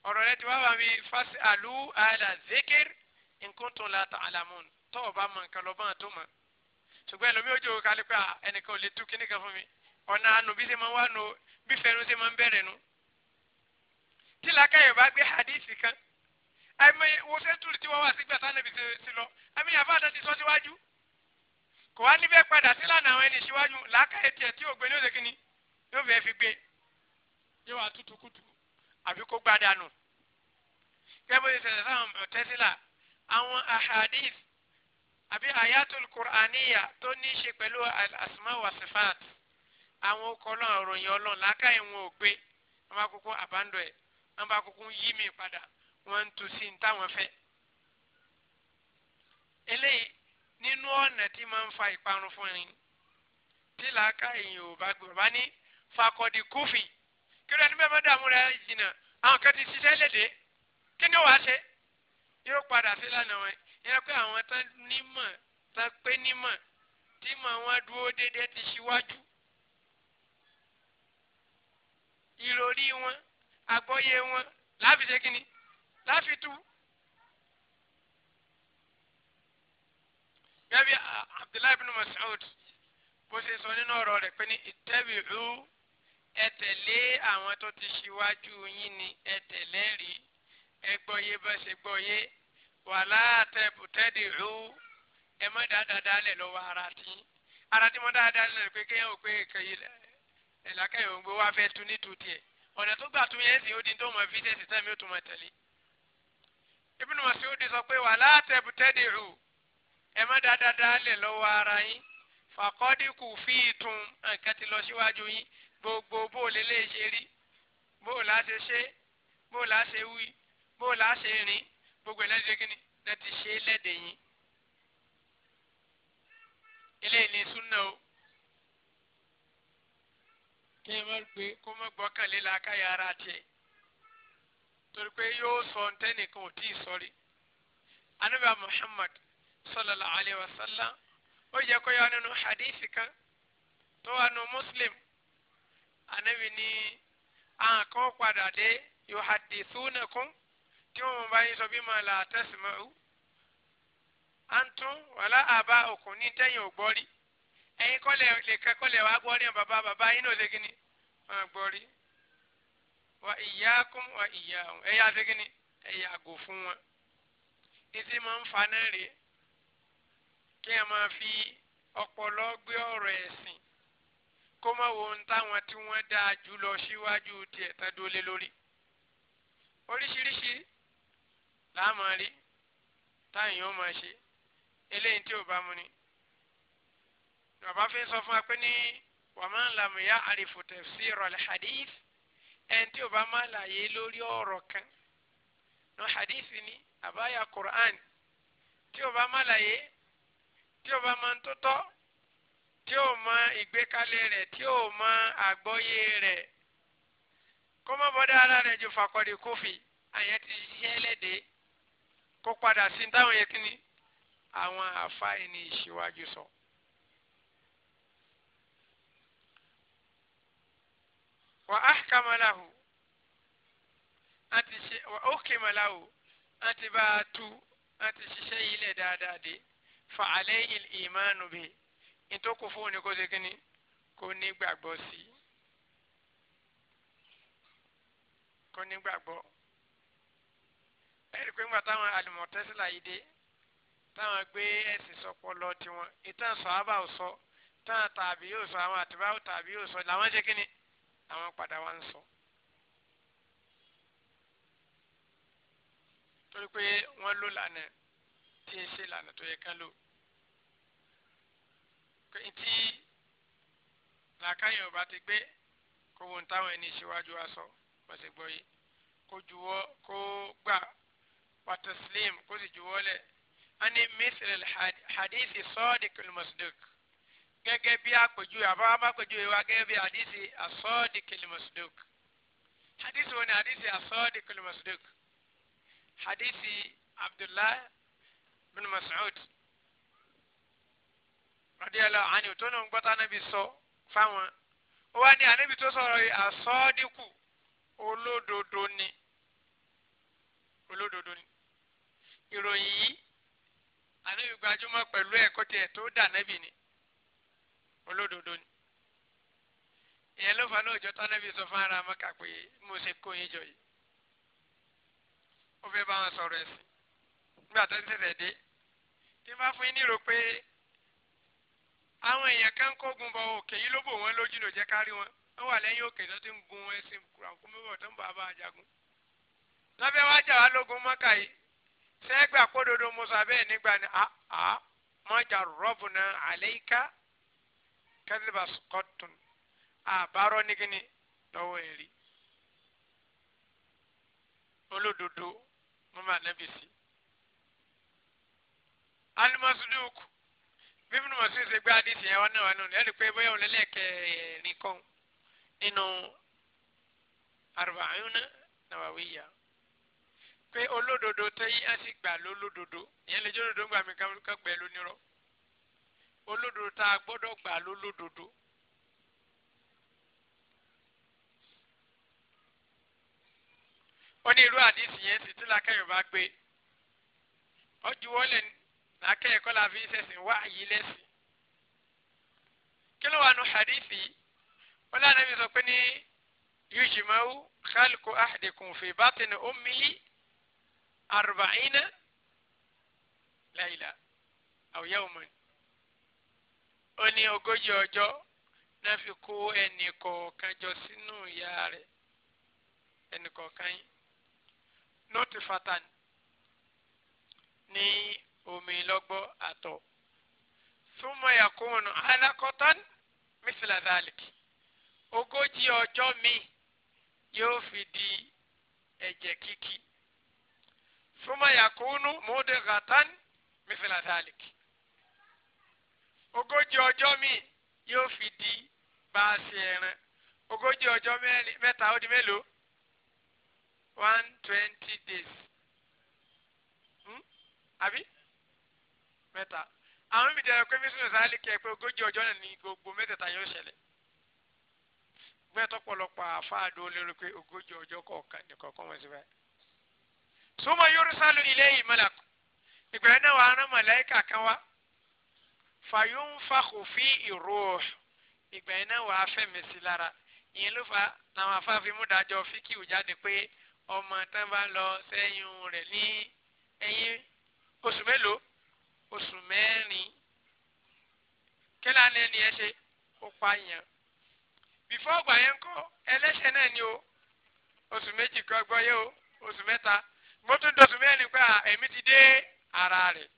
ọ̀rọ̀ rẹ ti wá wà mí fásitì àlù àlà zikir nkuntun la ta'lamun tọ́wọ́ bá mọ nǹkan lọ́bọ̀n tó mọ̀ ṣùgbọ́n ẹlòmíì ó jòwó kálí pé ẹnìkan ò lè tú kíní kan fún mi ọ̀nà àánú bí ṣe máa wà nù bí fẹ́nu ṣe máa ń bẹ̀rẹ̀ nù. tí làákàyè bá gbé hadith kan àìmọye wo sẹ́ńtúrì tí wọ́n wà sígbà sánàbì sí lọ àmì àbá àdá ti sọ síwájú kò wá níbẹ̀ padà sí lànà àwọn ẹni síwájú làákàyè tiẹ̀ tí ògbé ní òsèkínní yóò fẹ́ fi gbé yóò wá tútù kùtù àbí kó gbádànù kẹ́bí ṣẹlẹ̀ sáwọn tẹ́sílà àwọn ahadith àbí ayatul qur'aniya tó ní í ṣe pẹ̀lú asma wa sifat àwọn okọ̀ ọlọ́run àròyìn ọlọ́run làákàyè wọn ò gbé wọn bá kúkú àbándọ̀ ẹ̀ wọn bá kúkú yí mi padà wọn ń tu sí ní táwọn fẹ́. eléyìí nínú ọ̀nà tí máa ń fa ìparun fún ni tí làákàyè ò bá gbé bá ní fakọ̀dì kúfì kí ló ẹni bẹ́ẹ̀ má dààmú rẹ̀ jìnnà àwọn kan ti ṣiṣẹ́ léde kí ni wàá ṣe yóò padà sí lánàá wọn yẹ pé àwọn tán nímọ̀ tán pé nímọ̀ tí mọ̀ wọn dúró déédéé ti ṣíwájú. ìròrí wọn àgbọ́yé wọn láfi ṣe kínní láfi tú. gẹ́gẹ́ bí Abdullahi bin Mas'ud bó ṣe sọ nínú ọ̀rọ̀ rẹ̀ pé ní ittabi'u ẹ tẹ̀lé àwọn tó ti ṣíwájú yín ni ẹ ẹgbọ́yé bá ṣe gbọ́yé wàhálà tẹ̀bùtẹ́dì rú ẹ má dáadáa dálẹ̀ lọ́wọ́ ara tí ara tí mo dáadáa dálẹ̀ pé kéèyàn ò pé kẹyì ẹ̀lákẹ́yìn òǹgbẹ wá fẹ́ tu ní tu tiẹ̀ ọ̀nà tó gbà tún yẹn sì ó di tó mọ̀ fi tẹ̀sí tẹ̀mí ó tún mọ̀ tẹ̀lé Ibn Mas'ud sọ pé wàhálà tẹ̀bùtẹ́dì rú ẹ má dáadáa dálẹ̀ lọ́wọ́ ara yín fàkọ́dí kù fi ìtun nǹkan ti lọ síwájú yín gbogbo bó o lè lè ṣe rí bó o lá ṣe ṣe bó o lá ṣe bó la ṣe rìn gbogbo ẹlẹ́dẹ̀ẹ́ kínní náà ti ṣe é lẹ́dẹ̀ẹ́ yín eléyìí ni súnà o kí ẹ má gbé kó má gbọ́kànlé làákàyà ara tiẹ̀ torí pé yóò sọ ntẹ́nìkan ò tíì sọrí anuba Muhammad sallallahu alayhi wa sallam ó yẹ kó yọ nínú hadith kan tó wà nù Muslim anabi ni àwọn kan padà dé yóò hadithunakum tí wọn bá yín sọ bí màá là tẹsánmọ́ o àǹtún wàhálà àbá òkun ní tẹ́yìn ò gbọ́rí ẹ̀yin kọ́lẹ̀ lè kẹ́ kọ́lẹ̀ wàá gbọ́rí ẹ̀ bàbá bàbá yín náà ṣe kíni wọn gbọ́rí wa iyyakum wa iyyahum ẹ̀yà ṣe kíni ẹ̀yà àgò fún wọn títí máa ń fa náà rèé kí ẹ máa fi ọpọlọ gbé ọ̀rọ̀ ẹ̀sìn kó má wo ohun táwọn tí wọ́n dáa jù lọ síwájú tiẹ̀ tán dólé lórí oríṣiríṣi láàmú rí táyìn ó máa ṣe eléyìí tí ò bá mu ni. bàbá fi sọ fún wa pé ní wàmọ́ làmú yá àrífò tafsir al-hadith ẹni tí ò bá má láàyè lórí ọ̀rọ̀ kan nù hadith ni àbáyà Qur'an tí ò bá má láàyè tí ò bá má ń tó tí ò mọ ìgbékalẹ̀ rẹ̀ tí ò mọ àgbọ́yé rẹ̀ kó má bọ́dá ara rẹ̀ ju fàkọ́dé kófì àyẹ̀ ṣiṣẹ́ lẹ́dẹ̀ẹ́ kó padà sí táwọn yẹn kí ni àwọn àfa ẹni ìṣíwájú sọ. wà á kàmáláhù àti ṣe wà ó kàmáláhù àti bá a tú àti ṣiṣẹ́ yìí dáadáa dé fa àlẹ́yìn ìmánu bi ìtòkù fóònù kó ṣe kí ni kó nígbàgbọ́ sí kó nígbàgbọ́ sí ẹ̀rí pé ńgbà táwọn àlùmọ̀tẹ́sílà yìí dé táwọn gbé ẹ̀sìn sọpọ̀ lọ tiwọn ìtàn sàhábà ò sọ táwọn tàbí yóò sọ àwọn àtibáwò tàbí yóò sọ làwọn ṣe kínní àwọn padà wá ń sọ. torí pé wọ́n lò lànà tí ń ṣe lànà tó yẹ kán lò. tí làákàyè ọba ti gbé kó wọn táwọn ẹni ṣíwájú wa sọ wọ́n sì gbọ́ yìí kó juwọ́ kó gbà وتسليم كوسي جوله أني مثل الحديث الصادق المصدق. gẹ́gẹ́ bí àpèjúwe àbáwá má pèjúwe wa gẹ́gẹ́ bí àdìsí asọ́ọ̀dì kìlìmọ̀sídòk àdìsí wo ni àdìsí asọ́ọ̀dì kìlìmọ̀sídòk àdìsí abdullahi bin masoud radiyallahu anhu tó ní gbọ́tà anábì sọ fáwọn ó wá ní anábì tó sọ̀rọ̀ yìí asọ́ọ̀dìkù olódodo ni olódodo ni ìròyìn yìí ànábì gbajúmọ̀ pẹ̀lú ẹ̀kọ́ tiẹ̀ tó dà nábì ni olódodo ni ìyẹn ló fa lóòjọ́ tó nábì sọ fún ara mọ́kà pé mo ṣe kó yín jọ yìí ó fẹ́ bá wọn sọ̀rọ̀ ẹ̀sìn nígbà tó ti ṣẹ̀ṣẹ̀ dé tí wọ́n fún yín nírò pé àwọn èèyàn kan kógun bọ òkè yìí ló bò wọ́n lójú ló kárí wọn wọ́n wà lẹ́yìn òkè tó ti ń gun ẹṣin kúrò àkúmọ́bọ̀ tó ń bọ̀ àbá àjagun lọ́fẹ́ wájà wá lógun mọ́kà yìí sẹ́gbà kódodo musa bẹ́ẹ̀ nígbà ni a a mọ̀jà rọ́bù náà àlẹ́yìká kẹ́lẹ́bà kọ́tùn àbárọ̀ nígínní lọ́wọ́ ẹ̀rí olódodo mọ́mọ́ ànábìsí. alimọ́sídùkù bíbí ni wọ́n sì ṣe gbé àdìsí yẹn wọn náà wọn náà lẹ́nu pé bóyá òun lẹ́lẹ́kẹ̀ẹ́ nìkan nínú arba'una nawawiyya pé olódodo tẹ́yí á sì gbà lólódodo ìyẹn lè jẹ́ olódodo ń gbà mí kán pẹ́ lónírọ́ olódodo tá a gbọ́dọ̀ gbà lólódodo. ó ní irú àdísì yẹn sì tí lákẹ́yọ̀ bá gbé ọjọ́ wọlé lákẹ́yọ̀ kọ́ la fi ń sẹ̀sìn wá àyè lẹ́sìn. kí ló wà nù àdísì wọ́n lánàá mi sọ pé ní yujma'u khalqu ahadikum fi batni ummihi arba'ina layla aw yawman ó ní ogójì ọjọ́ náà fi kó ẹnì kọ̀ọ̀kan jọ sínú ìyá rẹ̀ ẹnì kọ̀ọ̀kan yìí nọ́ọ̀tì fatan ní omi lọ́gbọ́ àtọ̀ súnmọ́ yakunu alákọ̀tán mísìlá dálík ogójì ọjọ́ míì yóò fi di ẹ̀jẹ̀ kíkì suma yakunu mudigatan mithla dhalik ogójì ọjọ́ mi yóò fi di bá a ṣe ẹran ogójì ọjọ́ mẹ́ta ó di mélòó one twenty days hmm? àbí mẹ́ta àwọn mi dẹrẹ pé mísúlùmí sáálì kẹ pé ogójì ọjọ́ náà ní gbogbo mẹ́tẹ̀ẹ̀ta yóò ṣẹlẹ̀ gbẹ́tọ̀pọ̀lọpọ̀ àfáàdó lérò pé ogójì ọjọ́ kọ̀ọ̀kan nìkan kọ́ wọn síbẹ̀ súnmọ́ yorùsálù ilé yìí mọ́làkù ìgbà yẹn náà wàá rán màláìkà kan wá fàyọ̀nfàkò fi ìró ìgbà yẹn náà wàá fẹ̀mí sí lára ìyẹn ló fà làwọn afáfin múdájọ fíkìú jáde pé ọmọ tán bá lọ sẹ́yìn rẹ̀ ní ẹ̀yìn oṣù mélòó oṣù mẹ́rin kílá ẹni ẹ ṣe ó pààyàn bìfọ́ ọgbà yẹn kọ́ ẹlẹ́ṣẹ̀ náà ni o oṣù méjì kọ́ gbọ́ yẹ o oṣù mẹ́ta mo tún dọ̀tún ni pé èmi ti dé ara rẹ̀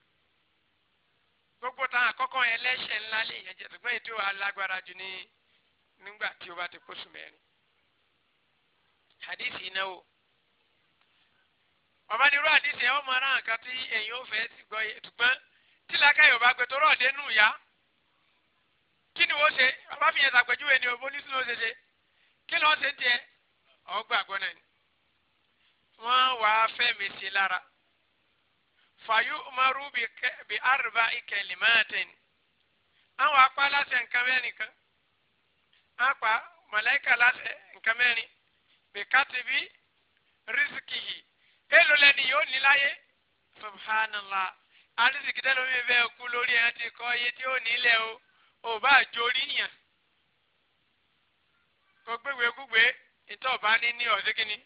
gbogbo tá àkọ́kọ́ yẹn lẹ́sẹ̀ ńlá lè yẹn jẹ́ ṣùgbọ́n ètò alágbára jù ní nígbà tí o bá ti kóṣù mẹ́rin hadisi iná o ọba ní irú hadisi ẹ wọ́n mọ ara nǹkan tí èyí ò fẹ́ sí gbọ́ yẹn ṣùgbọ́n tí làákàyè ọba gbé torọ́ ọ̀dẹ́ nù yá kí ni wọ́n ṣe ọba fi yẹn ṣàpèjúwe ni òbó ní sùn ó ṣe ṣe kí ni wọ́n ṣe ń tiẹ̀ ọ̀gbàgbọ́ náà ni wọ́n wàá fẹ́mi sí lára fàyú umaru bi arba ikẹlìmọ́tẹ́ni àwọn apá láṣẹ nǹkan mẹ́rin kan apá màláìka láṣẹ nǹkan mẹ́rin bi katibi rìsíkìhì èlò lẹ́ni yóò ní láyé subhanallah arísìkì tẹ́lẹ̀ omi bẹ́ẹ̀ kú lórí ẹ̀ ti kọ́ iye tí ó nílẹ̀ o ò bá jórí yàn kó gbégbé gbúgbé ìtọ́ ọ̀bá ní ní ọ̀sẹ́kìnní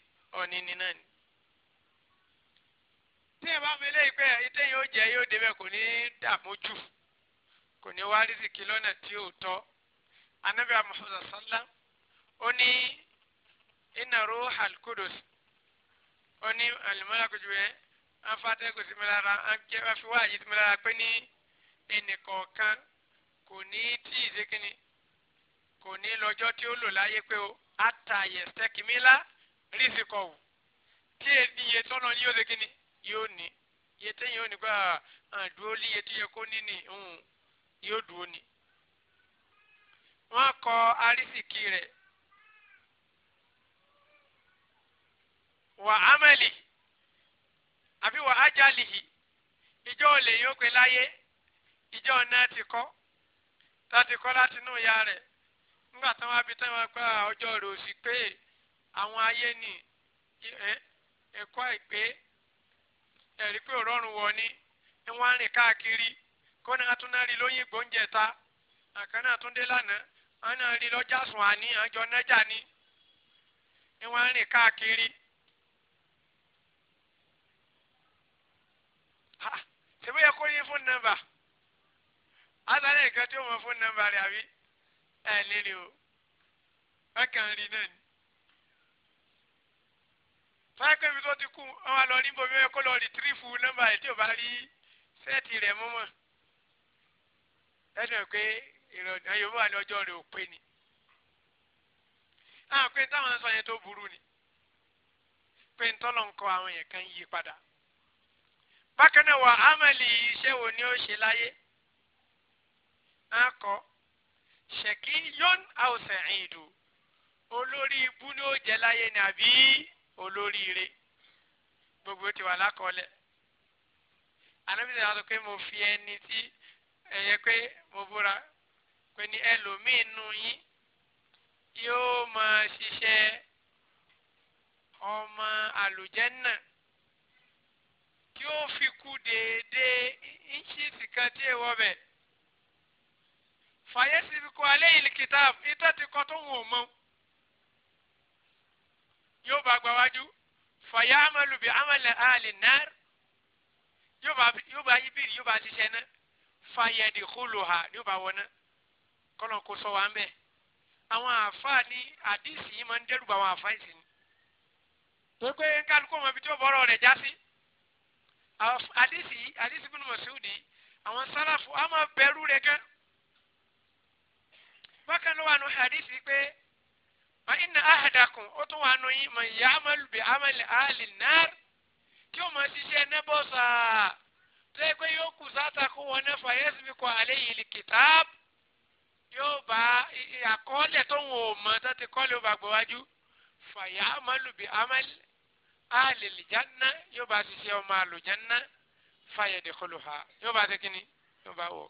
ọ̀nìní náà ni tí yẹn bá fi lé ìpẹ́ ìtẹ́ yóò jẹ́ yóò débẹ̀ kò ní dààmú jù kò ní wá rísìkì lọ́nà tí ò tọ́ anabi muhammad sallá ó ní iná ruhal kudus ó ní alimọ́lá kojú yẹn afáàtẹ́ kò sí mi lára jẹ́ fi wá àyè sí mi lára pé ní ẹnìkọ̀ọ̀kan kò ní tí ì sékìní kò ní lọ́jọ́ tí ó lò láyé pé ó àtàyè sẹ́kìmílá rísìkọ̀ wù tí èdìyẹ tọ́nà yóò sékìní. yoni yete yoni téèyàn nduoli ní gbà àdúró ah, lé iye tó yẹ kó ní ní yóò dúró ní. wọ́n kọ wà ti ko ta ti ko lati nu ya re nígbà tí wọ́n á bí ah, àwọn ni ẹ̀kọ́ ìpè. E, ẹ̀rí pé òrọ́rùn wọ ni ni wọ́n á rìn káàkiri kọ́ni atúnárí lóyìn gbóúnjẹta àkànná àtúndé lánàá a náà rí lọ́jà sùn àní àjọ nájà ni ni wọ́n á rìn káàkiri. ṣèbí yẹ kó yí fún nọ́mbà azalẹ nǹkan tí ó mọ fún nọ́mbà rẹ àbí ẹ lélẹ o ẹ kàn rí náà ni fáyọkẹ́ mi tó ti kú wọn wá lọ níbo mi kó lọ rìtírìfù nọ́mbà yìí tí ò bá rí sẹ́ẹ̀tì rẹ̀ mọ́mọ́ ẹ̀sùn pé ìrọ̀lẹ́ yorùbá wà ní ọjọ́ rẹ̀ ò pé ni àwọn pé táwọn sọ yẹn tó burú ni pé ntọ́lọ̀ ń kọ́ àwọn yẹn kan yí padà bákan wà ámàlì iṣẹ́ wo ni ó ṣe láyé akọ ṣèkí yọ́n àwòsàn ìdù olórí ibú ni ó jẹ láyé ni àbí olóríire gbogbo ti wà lákọọ́lẹ̀ anabisa yàtọ pé mo fi ẹni tí ẹyẹ pé mo búra pé ní ẹlòmíín nù yín yóò máa ṣiṣẹ́ ọmọ àlùjẹ́nà tí ó fi kú déédéé ìṣísì kan tí èèwọ̀ bẹ̀ fàyẹ́sì fi kọ́ alẹ́ yìí kìtàbù ìtọ́ ti kọ́ tó wù ọ́ mọ́ yóò bá gba wájú fàyà amalu bi amalẹ àlè náà yóò bá yóò bá ibiri yóò bá ṣiṣẹ náà fàyà di kúlù ha yóò bá wọná kọlọ̀ kó sọ wá ń bẹ̀. àwọn àáfàá ní àdìsí yìí máa ń dẹ́rù bá àwọn àáfàá ìsìn ni. tó pé kálukú ọmọ ibi tí ó bọ́rọ̀ rẹ̀ já sí. àdìsí àdìsí bínú mọ̀síwìdì àwọn sálàfù á bẹ̀rù rẹ̀ gan. bákan ló wà ní àdìsí pé fa inna ahadakum ó tún wà nù yín man ya'malu bi amali ahli an-nar tí ó máa ṣiṣẹ́ nẹ́bọ̀sà tó yẹ pé yóò kù sáta kó wọn náà fayasbiqu alayhi al-kitab yóò bá àkọọ́lẹ̀ tó ń wò mọ́ tó ti kọ́lé ọba gbọ́wájú fa ya'malu bi amali ahli al-janna yóò bá ṣiṣẹ́ ọmọ àlùjánná fa yadkhuluha yóò bá ṣe kínní yóò bá wọ̀.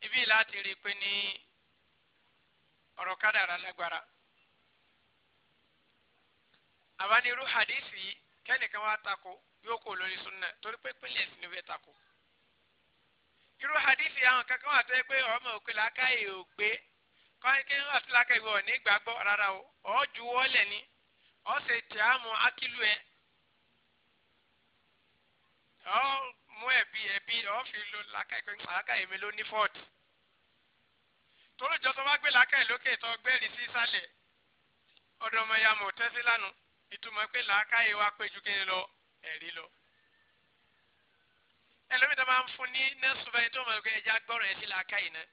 ibi láti rí i pé ní ọ̀rọ̀ kádàrá lágbára àbánirú hadisi kẹ́nìkan wá tako yóò kó lórí sunna torí pé pínlẹ̀ sí ni wọ́n tako irú hadisi àwọn kankan wà tó yẹ pé ọmọ òkè làákàyè ò ní gbàgbọ́ rárá o ọ̀ ju ni ọ̀ sì tẹ̀ akílù ẹ̀ mú ẹ̀bi ẹ̀bi ọ̀fi lo làákàyè làákàyè mi ló ní ford torójọ tó bá gbé làákàyè lókè tó gbẹ́rì sí sálẹ̀ ọ̀dọ́mọya mọ̀ tẹ́sí lánàá ìtumọ̀ pé làákàyè wa pé ju kíni lọ ẹ̀rí lọ. ẹlòmíì tó máa ń fún ní nẹ́sùn bẹ́ẹ̀ tó máa ń gbé ẹja gbọ́rọ̀ ẹ̀ sí làákàyè náà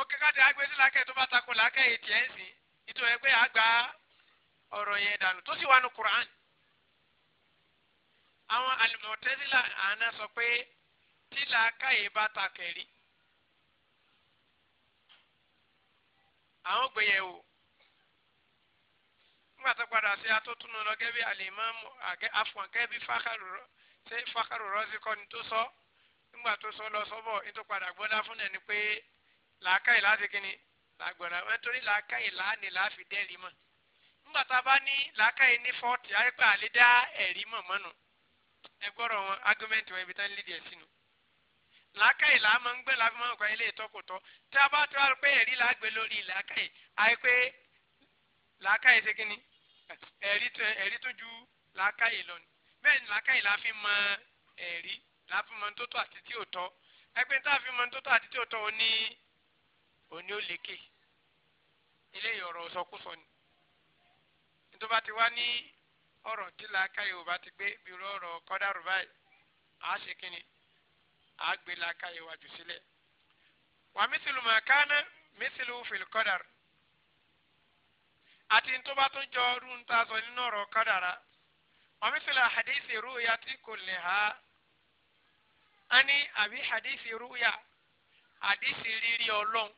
ó kéka tí a gbé sí làákàyè tó bá takò làákàyè tiẹ̀ ń sìn ìtumọ̀ pé àgbà ọ̀rọ̀ yẹn dànù tó sì wà nù àwọn alimọ̀tẹ́sílà àná sọ pé tílà káyé bá ta kẹ̀rí. àwọn gbèyẹ̀wò nígbà tó padà sí atótúnú lọ gẹ́bí alimami afọ̀nkẹ́bí fákàrò rọ́síkọ́ ni tó sọ nígbà tó sọ lọ sọ́bọ̀ ní tó padà gbọ́dá fún ẹni pé làákàyè láti kíni làgbọ̀nà nítorí làákàyè láàánì láàfi dẹ́rì mọ́ nígbà tá a bá ní làákàyè ní fọ́ọ̀tì àyípa àlè dá ẹ̀rí mọ̀ mọ́nu ẹgbọ́rọ̀ wọn argument wọn ibi tán lídìí ẹ̀ sínú. làákàyè là á máa ń gbé láfi máa ń kọ́ ilé ìtọ́kùtọ́ tí a bá tọ́ pé ẹ̀rí là á gbé lórí làákàyè àyè pé làákàyè ṣe kínní ẹ̀rí tó ju làákàyè lọ ni bẹ́ẹ̀ ni làákàyè là á fi mọ ẹ̀rí là fi mọ tó àti tí ò tọ́ ẹgbẹ́ tá a fi mọ tó àti tí ò tọ́ òní òní ó lékè ilé ìyọ̀rọ̀ sọkúsọ ni nítorí bá ti wá ní ọ̀rọ̀ tí làákàyè ò bá ti gbé bírò ọ̀rọ̀ kọ́dàrú báyìí àá ṣe kínni àá gbé làákàyè wájú sílẹ̀. wà mísìlù mà kánà mísìlù fìlì kọ́dàrú. àti tó bá tún jọ ọdún ń ta sọ nínú ọ̀rọ̀ kọ́dàrá. wà mísìlù àhàdísì rúùyà tí kò lè ha. a ní àbí àhàdísì rúùyà àdísì rírí ọlọ́run.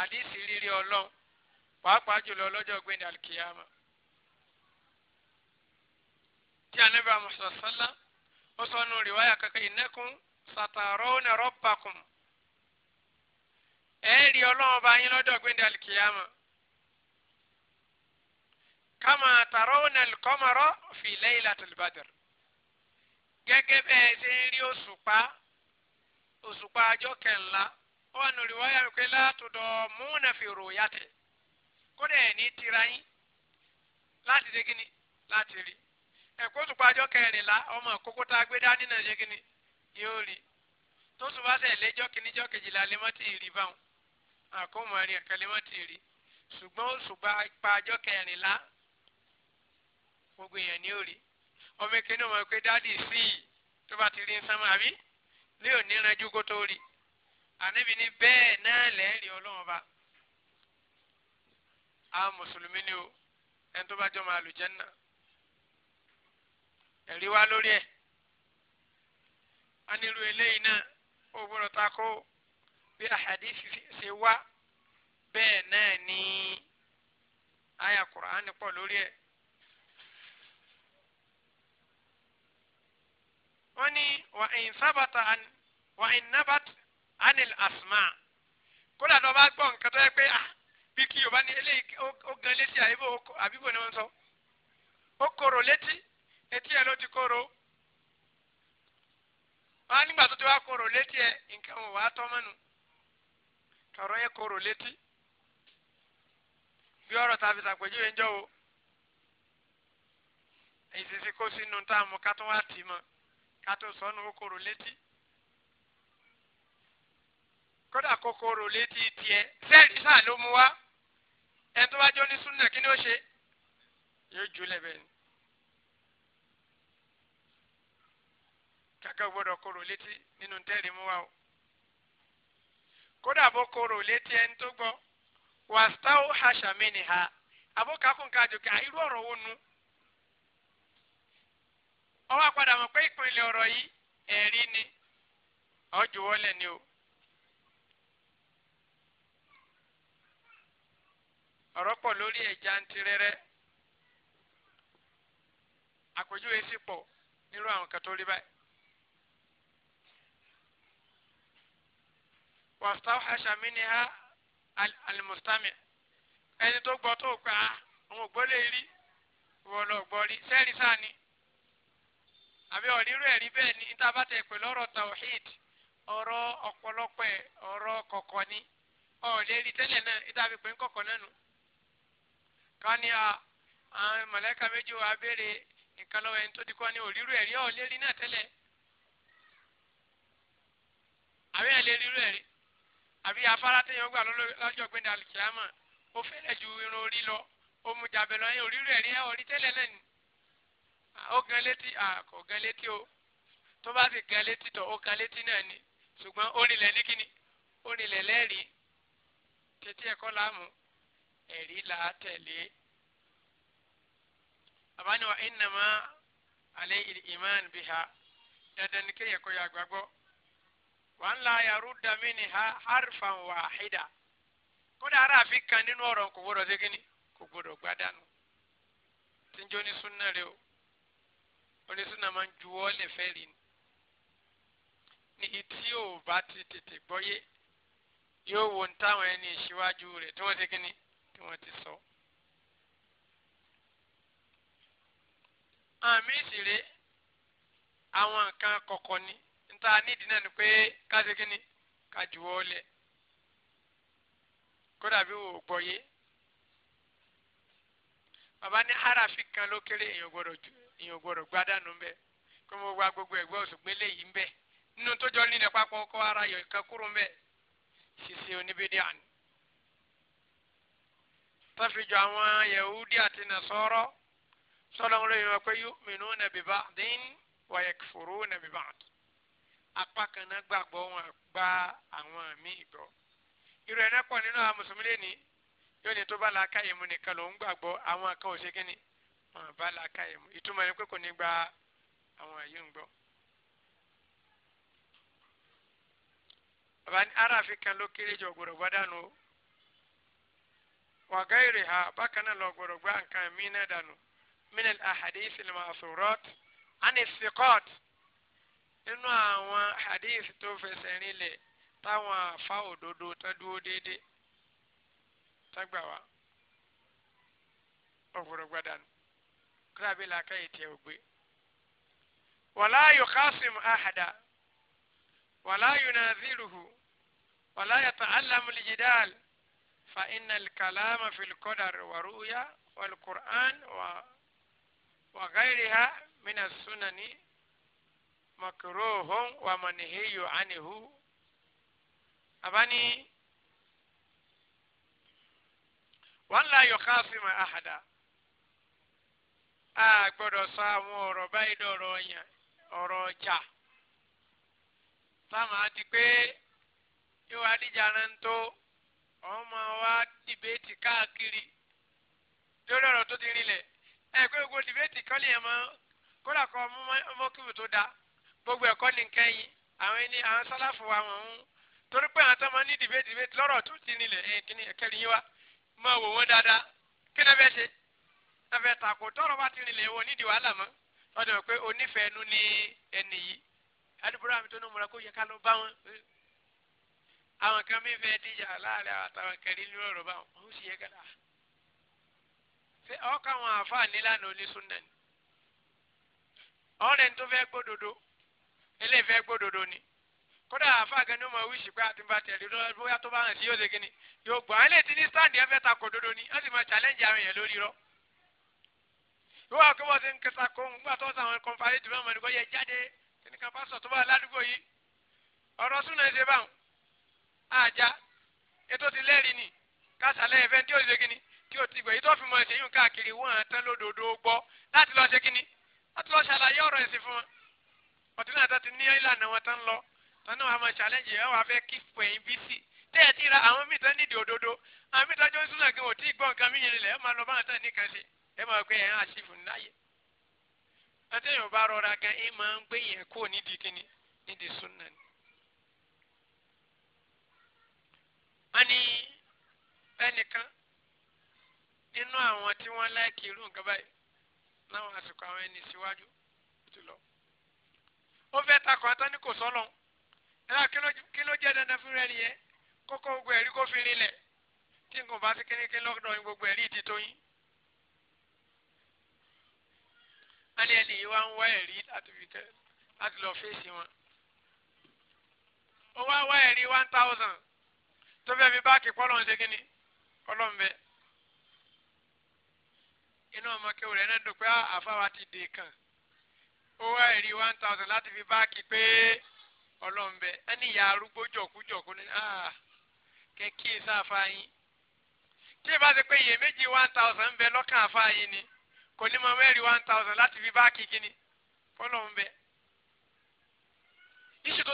àdísì rírí ọlọ́run pàápàá jùlọ lọ́jọ́ gbẹ̀ndé alikiyama tí anabi amusa sallá ó sọ nù rìwáyà kankan ìnẹ́kùn sàtàrọ́ọ̀nà rọ́bàkùn ẹ̀ rí ọlọ́run bá yín lọ́jọ́ gbẹ̀ndé alikiyama kama tàrọ́ọ̀nà kọ́mọrọ́ fi laylatil badr gẹ́gẹ́ bẹ́ẹ̀ ṣe ń rí òṣùpá òṣùpá ọjọ́ kẹ̀ńlá ó wà nù rìwáyà pé látọ̀dọ̀ múnàfẹ̀rọ̀ yàtẹ̀ kódà ẹ̀ ní tira yín láti ṣe kíni láti rí ẹ̀kọ́ tó gbàjọ́ kẹrìnlá ọmọ kókó tá a gbé dání náà ṣe kíni yóò rí tó tún bá sẹ̀ lẹ́jọ́ kíní jọ́ kejìlá lẹ́mọ́tì rí báwọn àkómọ̀ rí ẹ̀kẹ́ lẹ́mọ́tì rí ṣùgbọ́n ṣùgbọ́n apájọ́ kẹrìnlá gbogbo èèyàn ní òrí ọmọ ìkíni ọmọ ìpè dádì sí i tó bá ti rí ń sánmọ́ àbí ní òní kó tó rí ànábì ní bẹ́ẹ̀ náà lẹ́ẹ̀rí ọlọ́run ọba a mùsùlùmí ni o ẹni tó bá jọ máa lù jẹ́nà ẹ̀rí wá lórí ẹ̀ a nílò eléyìí náà ó gbọ́dọ̀ ta kó bí àhàdí ṣe wá bẹ́ẹ̀ náà ni àyà Kùránì pọ̀ lórí ẹ̀. wọ́n ní wà ń sábàtà wà ń nábàtà anil asma kódà tó bá gbọ́ nǹkan tó yẹ pé ah bí kí yorùbá ní eléyìí ó gan létí àyíbò àbíbò ni wọ́n sọ ó korò létí etí ẹ̀ ló ti korò wọ́n á nígbà tó ti wá korò létí ẹ̀ nǹkan ò wá tọ́ mọ́nu kọ̀rọ̀ yẹn korò létí bí ọ̀rọ̀ tàbí sàpèjúwe ń jọ o ìsìsì kó sínú tá a mú ká tó wá tì mọ́ ká tó sọnù ó korò létí kódà kòkòrò létí tiẹ̀ sẹ́ẹ̀rì sáà ló mú wá ẹni tó bá jẹ́ onísúnà kí ni ó ṣe yóò jó lẹ́bẹ̀ ni. kàkà gbọ́dọ̀ korò létí nínú tẹ́ẹ̀rì mú wa o kódà bó korò létí ẹni tó gbọ́ wàstáwó haṣàmì ni ha àbókàkùnkà àjòkè àìrú ọ̀rọ̀ wo nu ọwọ́ àpàdà mọ̀ pé ìpínlẹ̀ ọ̀rọ̀ yìí ẹ̀rí ni ọjọ́ wọlé ni o. ọ̀rọ̀pọ̀ lórí ẹja ń tirẹ́rẹ́ àpèjúwe sì pọ̀ nírú àwọn kan tó rí báyìí. wàstáwàṣà mi ni ha alimustami ẹni tó gbọ́ tó gbà á ah, òun ò lè rí wọ́n lọ gbọ́ rí sẹ́ẹ̀rì ni àbí ọ̀rírú ẹ̀rí bẹ́ẹ̀ ni níta bá tẹ̀ pé lọ́rọ̀ tawhid ọ̀rọ̀ ọ̀pọ̀lọpọ̀ ọ̀rọ̀ kọ̀kọ̀ ni ọ̀ọ́lẹ́rì tẹ́lẹ̀ náà níta fi pé ń náà nù. kani ní àwọn mọ̀lẹ́ka méjì wa béèrè nǹkan lọ́wọ́ ẹni tó ti kọ́ ní òrírú ẹ̀rí ọ̀ lérí náà tẹ́lẹ̀ àbí ẹ̀ lérí rú ẹ̀rí àbí afárá téèyàn gbà lọ́jọ́ gbẹ̀dẹ̀ alìkìyàmọ̀ ó fẹ́lẹ̀ ju irun orí lọ ó mu jàbẹ̀ lọ yẹn òrírú ẹ̀rí ẹ̀ orí tẹ́lẹ̀ náà ni ó gan létí kò gan létí o tó bá sì gan létí tọ̀ ó gan létí náà ni ṣùgbọ́n ó rinlẹ̀ ní kíni ó rinlẹ̀ lẹ́rìí tètè ẹ̀kọ́ láàmú ẹ̀rí là á tẹ̀lé àbáni wa ìnàmá alẹ́ ìmán bí ha dandan ni kéèyàn kọ́ ya gbàgbọ́ wà ń la yàrá dàmí ni ha harfan wàhídà kódà ara àfi kan nínú ọ̀rọ̀ kò gbọdọ̀ sí kíni kò gbọdọ̀ gbádànù tí ń jó ní rẹ o onísúnà máa ń juwọ́ lè fẹ́ rí ni ní tí ò bá ti tètè gbọ́yé yóò wo ní ẹni ìṣíwájú rẹ̀ tí wọ́n ṣe kíni tí wọ́n ti sọ. àmì ìṣeré àwọn nǹkan kọ̀kọ̀ ni níta nídìí náà ni pé káṣe kí ni ká juwọ́ lẹ̀ kódà bí wò ó gbọ́ yé bàbá ní harafi kan ló kéré èèyàn gbọ́dọ̀ èèyàn gbọ́dọ̀ gbádànù ń bẹ kó mo wá gbogbo ẹ̀gbẹ́ òṣùgbé léyìí ń nínú tó jọ nílẹ̀ pápọ̀ kó ara yọ ìkan kúrò ń bẹ ṣìṣe oníbídíà tó fi jọ àwọn yahudi àti nasọ́rọ́ sọ́dọ̀ wọn lóyún wọn pé yu'minuna bi ba'din wa yakfuruna bi ba'd apá kan náà gbàgbọ́ wọn gba àwọn míì gbọ́ irú ẹ̀ náà pọ̀ nínú àwọn mùsùlùmí lẹ́ni yóò ní tó bá la káyè mu nìkan ló ń gbàgbọ́ àwọn kan ò ṣe kí ni wọn bá la káyè mu ìtumọ̀ yẹn pé kò ní gba àwọn yìí ń gbọ́. bàbá ní aráàfin kan ló kéré jọ gbọdọ̀ wàgáyìrì ha bákan náà lọ gbọ́dọ̀ gbá nǹkan mí náà dànù min al-ahadith al-ma'thurat ani thiqat nínú àwọn hadith tó fẹsẹ̀ rinlẹ̀ táwọn afa òdodo tó dúró déédé tágbà wá ọ̀gbọ̀dọ̀ gbá dànù kúrò àbí làákàyè tiẹ̀ ò gbé. wala yukhasim ahada wala yunaziruhu wala yata'allamu al-jidal. فإن الكلام في القدر والرؤيا والقرآن وغيرها من السنن مكروه ومنهي عنه أبني ولا يخاصم أحدا a gbọ́dọ̀ sọ àwọn ọ̀rọ̀ báyìí dọ̀rọ̀ yẹn ọ̀rọ̀ ọjà táwọn á ti pé yóò adíjà náà ń tó. ọmọ wa dìbẹ́tì káàkiri lórí ọ̀rọ̀ tó ti rinlẹ̀ ẹ pé gbogbo dìbẹ́tì kan lè mọ kódà kan mọ́kìmù tó da gbogbo ẹ̀kọ́ ní kẹ́yìn àwọn ẹni àwọn sálàfù wa wọ̀n ń torí pé àwọn tó máa ní dìbẹ́tì dìbẹ́tì lọ́rọ̀ tó ti rinlẹ̀ kí ni ẹ̀kẹ́rin yín wa dáadáa kí ni ẹ ṣe ẹ bá ti rinlẹ̀ wọ nídìí wàhálà ọdún pé onífẹ̀ẹ́nu ẹnì yìí adúbúrò àmì àwọn kan mi fẹ́ díjà láàrin àtàwọn kẹrin ní ọ̀rọ̀ bá wọn ó sì yẹ gàdá. ṣé ọkọ àwọn àáfàá nílànà oníṣúná ni ọ̀rẹ́ ní tó fẹ́ gbódodo eléyìí fẹ́ gbódodo ni kódà àáfàá gan ni ó mọ wíṣì pé àti bá tẹ̀lé lọ́wọ́ bóyá tó bá hàn sí yóò ṣe kí ni yóò gbọ́ àwọn eléyìí ti ní sáàndì ẹ ta kò dodo ni wọ́n sì máa challenge àwọn èèyàn lórí rọ́ ìwọ àkọ́ bọ́ sí nkẹta kó ń gbà tọ́sí àwọn kọ́ńfàrẹ́tì mẹ́wàá mẹ́rin kọ́ yẹ jáde kí ni tó bá ládùúgbò yìí ọ̀rọ̀ súnà ẹ ṣe báwọn àjà ètò ti lẹ́rìí ni kásálẹ̀ ẹ̀fẹ́ tí ó ṣe kíni tí ó ti gbẹ̀ yìí tó fi mọ ẹsẹ̀ káàkiri wọ́n á tán lódodo gbọ́ láti lọ ṣe kíni láti lọ ṣàlàyé ọ̀rọ̀ ẹ̀sìn fún wọn ọ̀tún ti ní ìlànà wọn tán lọ tán náà wàá máa ṣàlẹ́jì ẹ̀ wàá fẹ́ kí bí sí ti ra àwọn míì tán nídìí òdodo àwọn míì tán jó ń kí wọ́n ní ẹnìkan nínú àwọn tí wọ́n láìkì irú nǹkan báyìí láwọn àsìkò àwọn ẹni síwájú jùlọ. ó fẹ́ takọ̀ àtọ́ ní kò sọ́lọ̀ ẹ̀rọ kí ló jẹ́ dandan fún rẹ̀ nìyẹn kókó gbogbo ẹ̀rí kó fi rinlẹ̀ tí nǹkan bá ti kékeré lọ́dọ̀ yín gbogbo ẹ̀rí ti tó yín. wọ́n ní ẹni yìí wá ń wá ẹ̀rí láti fi tẹ́ láti lọ fèsì wọn. ó wá wá ẹ̀rí one thousand tó fẹ́ fi báàkì kọ́ lọ́n ṣe kí ni ọlọ́n bẹ. inú ọmọ kéwù rẹ̀ náà dùn pé ah, àfáwà ti dè kàn ó wá ẹ̀rí one thousand láti fi báàkì pé ọlọ́n bẹ. ẹni ìyá arúgbó jọ̀kújọ̀kú ni ah, kẹ́kí sáfà yín. tí ìbá ti pé iyèméjì one thousand bẹ lọ́kàn àfà yín ni kò ní mọ mẹ́rin one thousand láti fi báàkì kí ni ọlọ́n bẹ.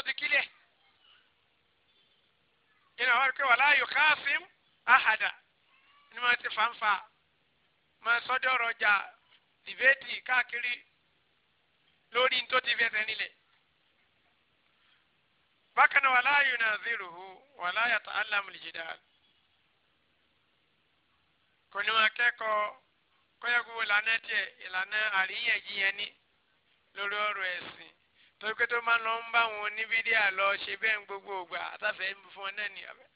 ti kílẹ̀ ìnà wà pé wàlá yóò káfíń àhàdà ni wọ́n ti fanfa máa sọ́dọ̀ ọ̀rọ̀ jà dìbẹ́tì káàkiri lórí ní tó ti fẹsẹ̀ nílẹ̀. bákan náà wàlá yóò náà zèrò hù wàlá yàtọ̀ alámùlì jìdá kò ní wọn akẹ́kọ̀ọ́ kọ́yọ́gbó ìlànà tiẹ̀ torí pé tó máa lọ ń bá wọn oníbídíà lọ ṣe bẹ́ẹ̀ ń gbogbo ògbà àtàfẹ́ fún ọ náà ní abẹ́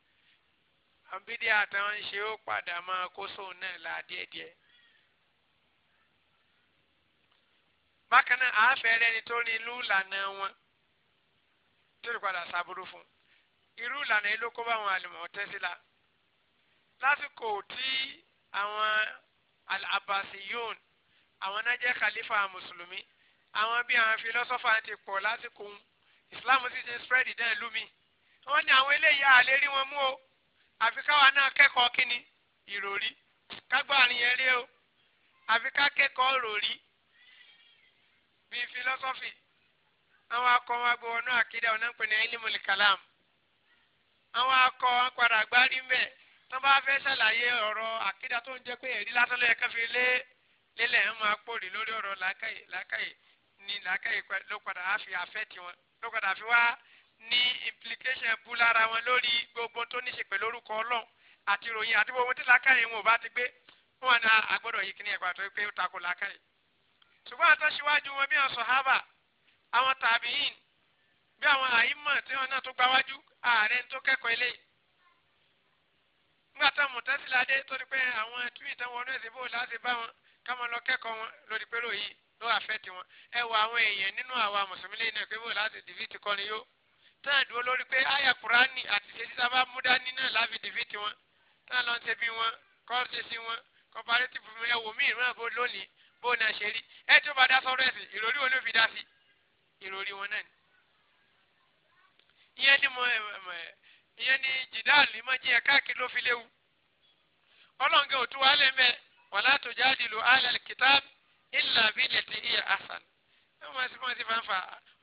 àwọn bídíà táwọn ń ṣe ó padà máa kó sóun náà la díẹ̀díẹ̀. bákan náà àáfẹ́ rẹni tó ní ìlú ìlànà wọn tó lè padà sábúrú fún irú ìlànà yìí ló kó bá àwọn àlùmọ̀ tẹ́sílà lásìkò tí àwọn al àwọn náà khalifa mùsùlùmí àwọn bí àwọn fìlọ́sọ́fà ti pọ̀ lásìkò islam sì ti spread dẹ́ ìlú mi wọ́n ní àwọn eléyìí àlè rí wọn mú o àfi káwa náà kẹ́kọ̀ọ́ kínni ìròrí kágbá àríyàn rí o àfi ká kẹ́kọ̀ọ́ ìròrí bíi fìlọ́sọ́fì àwọn akọ wọn gbọ́ ọ̀nà àkídà ọ̀nà ń pè ní ilimul kalam àwọn akọ wọn padà gbárí mbẹ tó bá fẹ́ ṣàlàyé ọ̀rọ̀ àkídà tó ń jẹ́ pé ẹ̀rí látọ́lẹ̀ kẹfì lé lélẹ̀ ń máa pòrí lórí ọ̀rọ̀ làákàyè làákàyè ni làákàyè ló padà á fi àfẹ́ tiwọn ló padà fi wá ní implication bú lára wọn lórí gbogbo tó ní ṣe pẹ̀lú orúkọ ọlọ́run àti ìròyìn àti gbogbo tí làákàyè wọn ò bá ti gbé wọn náà àgbọ̀dọ̀ yìí kíní ẹ̀gbà tó pé ó takò làákàyè. ṣùgbọ́n àtọ́síwájú wọn bí àwọn sọ̀hábà àwọn tàbíyìn bí àwọn àyímọ̀ tí wọn náà tó gbáwájú ààrẹ tó kẹ́kọ̀ọ́ eléyìí nígbà táwọn mọ̀tẹ́síládé tó di pé àwọn túwìtàn wọnú ẹ̀sìn bò láti bá wọn ká máa lọ kẹ́kọ̀ọ́ wọn lórí pé lóyìí ló wà fẹ́ tiwọn ẹ wọ àwọn èèyàn nínú àwa mùsùlùmí lẹ́yìn náà pé bó láti dìbìtì kọ́ni yó táà dúró lórí pé àyà kúránì àti ṣe títà bá mú dání náà láfi dìbìtì wọn táà lọ́n ṣe bí wọn kọ́ọ̀ṣe sí wọn kọ́párétìfù ẹ wò mí ìran bó lónìí bó náà ṣe rí ẹ tó bá dá sọ́rọ́ ẹ̀sìn ìròrí wọn ló fi dá sí ìròrí wọn náà ni. ìyẹn ni mo ìyẹn ni jìdáàlì mọ jẹ́ káàkiri ló fi léwu ọlọ́ngẹ òtún wàhálẹ̀ mẹ́ wàlá tó jáde lò áàlẹ̀ kìtàbí ìlà bílẹ̀ tí ìyà àṣàn ní wọn sì máa ti máa ń fa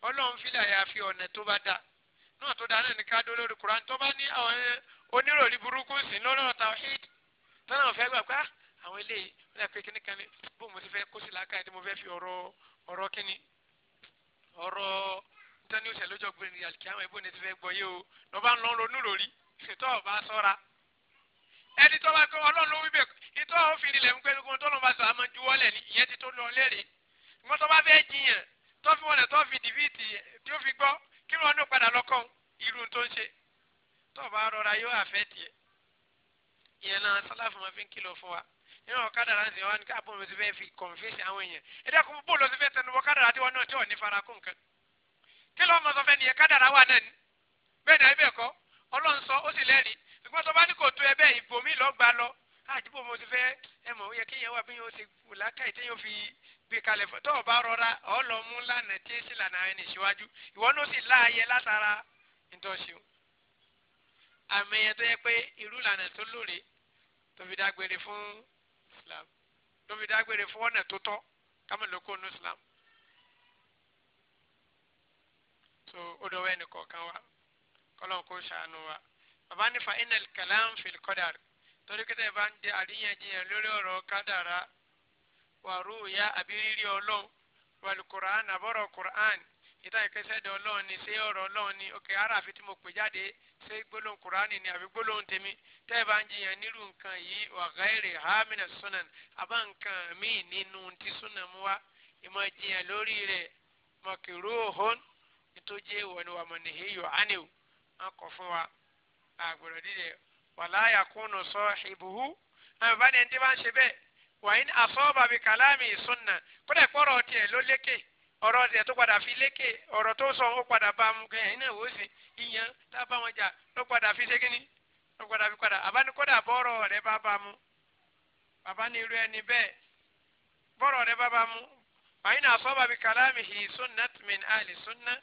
ọlọ́run fílẹ̀ àyàfi ọ̀nà tó bá dáa náà tó dáa náà ní ká dó lórí kuran tó bá ní àwọn oníròrí burúkú sí lọ́rọ̀ tawhid tọ́nà fẹ́ gbà pé ah, àwọn eléyìí wọ́n yà pé kíní kan ní bó mo ti fẹ́ kó sí làákàyè tí mo fẹ́ fi ọ̀rọ̀ ọ̀rọ̀ kíní ọ̀rọ̀ nítorí ó ṣẹlójọ́ gbẹ̀rẹ̀ àlùkí àwọn ẹ̀bùn ní ti fẹ́ gbọ́ yé o lọ́ba ń lọ́ ronú lórí ṣètò ọ̀bá sọ́ra ẹni tó bá kọ ọlọ́run ló wí bẹ́ẹ̀ ìtọ́ òfin ilẹ̀ ń pẹ́lú kan tọ́lọ́ bá sọ àmọ́ juwọ́lẹ̀ ni ìyẹn ti tó lọ lẹ́rìí ìmọ̀ tó bá fẹ́ jiyàn tó fi wọlé tó fi dìbìtì tí ó fi gbọ́ kí wọn náà padà lọ́kàn irú tó ń ṣe tó bá rọra yóò àfẹ́ tiẹ̀ ìyẹn náà sálàfù máa fi ń kìlọ̀ fún wa nínú ọ̀kadà láti wọn ní káàbọ̀ mi ti fẹ́ fi kọ̀nfẹ́sì àwọn èèyàn ẹ̀dá kó bó lọ sí fẹ́ tẹnu ọ̀kadà láti wọn náà tí ò ní fara kó nǹkan kí lọ́ọ́ mọ̀ sọ fẹ́ nìyẹn kádàrá wà náà ni bẹ́ẹ̀ ni àbẹ̀kọ́ ọlọ́run sọ ó sì lẹ́rìí ṣùgbọ́n tó bá ní kò tó ẹ bẹ́ẹ̀ ìbòmí lọ́gbàá lọ àdìbò mo ti fẹ́ ẹ mọ̀ ó yẹ kéèyàn wà bí yóò ti wù lákàyè tí yóò fi gbé kalẹ̀ fún tó o bá rọra ọ lọ mú lánàá tí èsì lànà ẹni ìṣíwájú ìwọ náà sì láàyè látara nítòsí o àmì ẹ̀yẹ tó yẹ pé irú lànà tó lóore tó fi dágbére fún Islam tó fi dágbére fún ọ̀nà tó tọ́ kámẹ́ ló kó nu Islam tó ó dọ̀wọ́ ẹnì kọ̀ọ̀kan wa kọ́lọ́n kó ṣàánú wa bàbá nífa inal kalam fil qadar torí kí tẹ̀ bá ń jẹ àríyànjiyàn lórí ọ̀rọ̀ kádàrá wàrú ya àbí rírí ọlọ́run wàlú quran ita quran ìta ìkẹsẹ̀ dẹ̀ ọlọ́run ni ṣé ọ̀rọ̀ ọlọ́run ni òkè ara àfi tí mo pè jáde ṣé gbólóhùn quran ni àbí gbólóhùn tèmi tẹ́ ẹ bá ń jiyàn nírú wa ghairi hamina sunan àbá nǹkan míì nínú ti sunan mu wa ìmọ̀ jiyàn lórí rẹ̀ mọ̀kìrú òhún nítorí jẹ́ ni wàmọ̀ nìyí yọ̀ ánìw àgbọ̀dọ̀ dídè wàlá yakunu sahibuhu àwọn bá ní ẹni tí wọ́n ń ṣe bẹ́ẹ̀ wàyín asọ́ọ̀bà bíi kàlámì sunna kódà ìpọ́rọ̀ tiẹ̀ ló lékè ọ̀rọ̀ tiẹ̀ tó padà fi lékè ọ̀rọ̀ tó sọ ó padà bá mu kẹ́ ẹ̀yin náà wò ó sì ìyẹn tá a bá wọn jà ló padà fi ṣé kíní ló padà fi padà àbá ní kódà bọ́ọ̀rọ̀ rẹ bá bá mu bàbá ẹni bẹ́ẹ̀ bọ́ọ̀rọ̀ rẹ bá bá mu wàyín asọ́ọ̀bà bíi kàlámì sunna min àlì sunna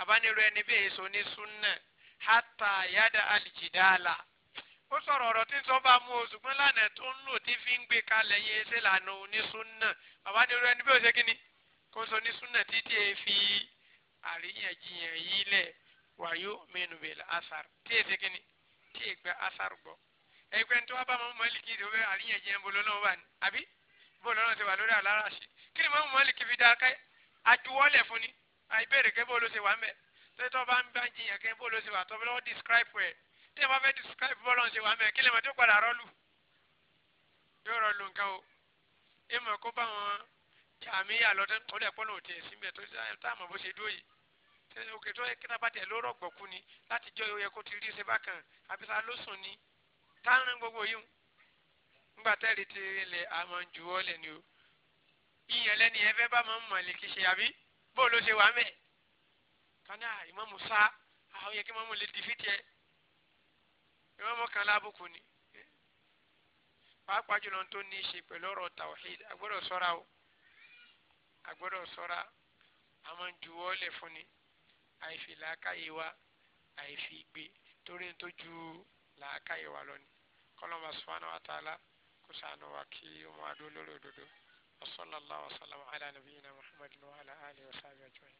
àbá ẹni bẹ́ẹ̀ èso ní sunna hata yada alijidala ó sọ̀rọ̀ ọ̀rọ̀ tí ń sọ bá mú o ṣùgbọ́n lánàá tó ń lò tí fi ń gbé kalẹ̀ yẹn ṣe lànà onísúnà bàbá ní irú ẹni bí ó ṣe kó sọ onísúnà títí ẹ fi àríyànjiyàn yìí lẹ̀ wàyó mẹ́nu bẹ̀rẹ̀ asar tí ẹ ṣe kíni tí ẹ gbẹ asar gbọ́ ẹgbẹ́ ní tí wọ́n bá mọ́ mọ́lìkì tó fẹ́ àríyànjiyàn bó lọ́nà wà ní àbí bó lọ́nà ti wà lórí àláràṣì kí ni mọ́ mọ́lìkì fi dákẹ́ àjùwọ́lẹ̀ fún ni àìbẹ̀rẹ̀ kẹ́ bó ló ṣe wà ń ṣé tó bá ń bá ń jiyàn kí n bó ló ṣe wà tó bí lọ́wọ́ describe ẹ̀ tí ẹ fẹ́ describe bọ́ọ̀lù ṣe wà mẹ́ kí lè mọ̀ tó padà rọ́ọ̀lù yóò rọ́ọ̀lù nǹkan o ẹ mọ̀ kó bá wọn àmì àlọ́tẹ́ tó lẹ̀ pọ́nà òtí ẹ̀sìn bẹ̀ tó táàmù bó ṣe dúró yìí òkè tó yẹ kíta bá tẹ̀ ló rọ̀gbọ̀ ni láti jọ ìyóyẹ kó ti rí ṣe bákan àbísà ló sùn ni táwọn gbogbo yìí ńgbà tẹ́rì ti ilẹ̀ àmọ́ jù ọ́ lẹ́ni o ìyẹn lẹ́ni ẹ fẹ́ bá mọ́ mọ̀lẹ́kì ṣe àbí bó ló ṣe wà mẹ́ẹ̀ kana imamu sa àwọn yẹ kí imamu lè imamu kan lábùkù ni pàápàá jùlọ tó ní í ṣe pẹ̀lú ọ̀rọ̀ tawhid agbọ́dọ̀ o agbọ́dọ̀ sọ́ra a máa ń juwọ́ lẹ̀ fún ni àìfi làákàyè wa àìfi gbé torí tó ju làákàyè wa lọ ni kọ́lọ́mà subhanahu wa ta'ala kó sànù wa kí wọ́n adó lórí òdodo wa sallallahu wa sallam ala nabiyina muhammadin wa ala alihi wa sahbihi ajma'in.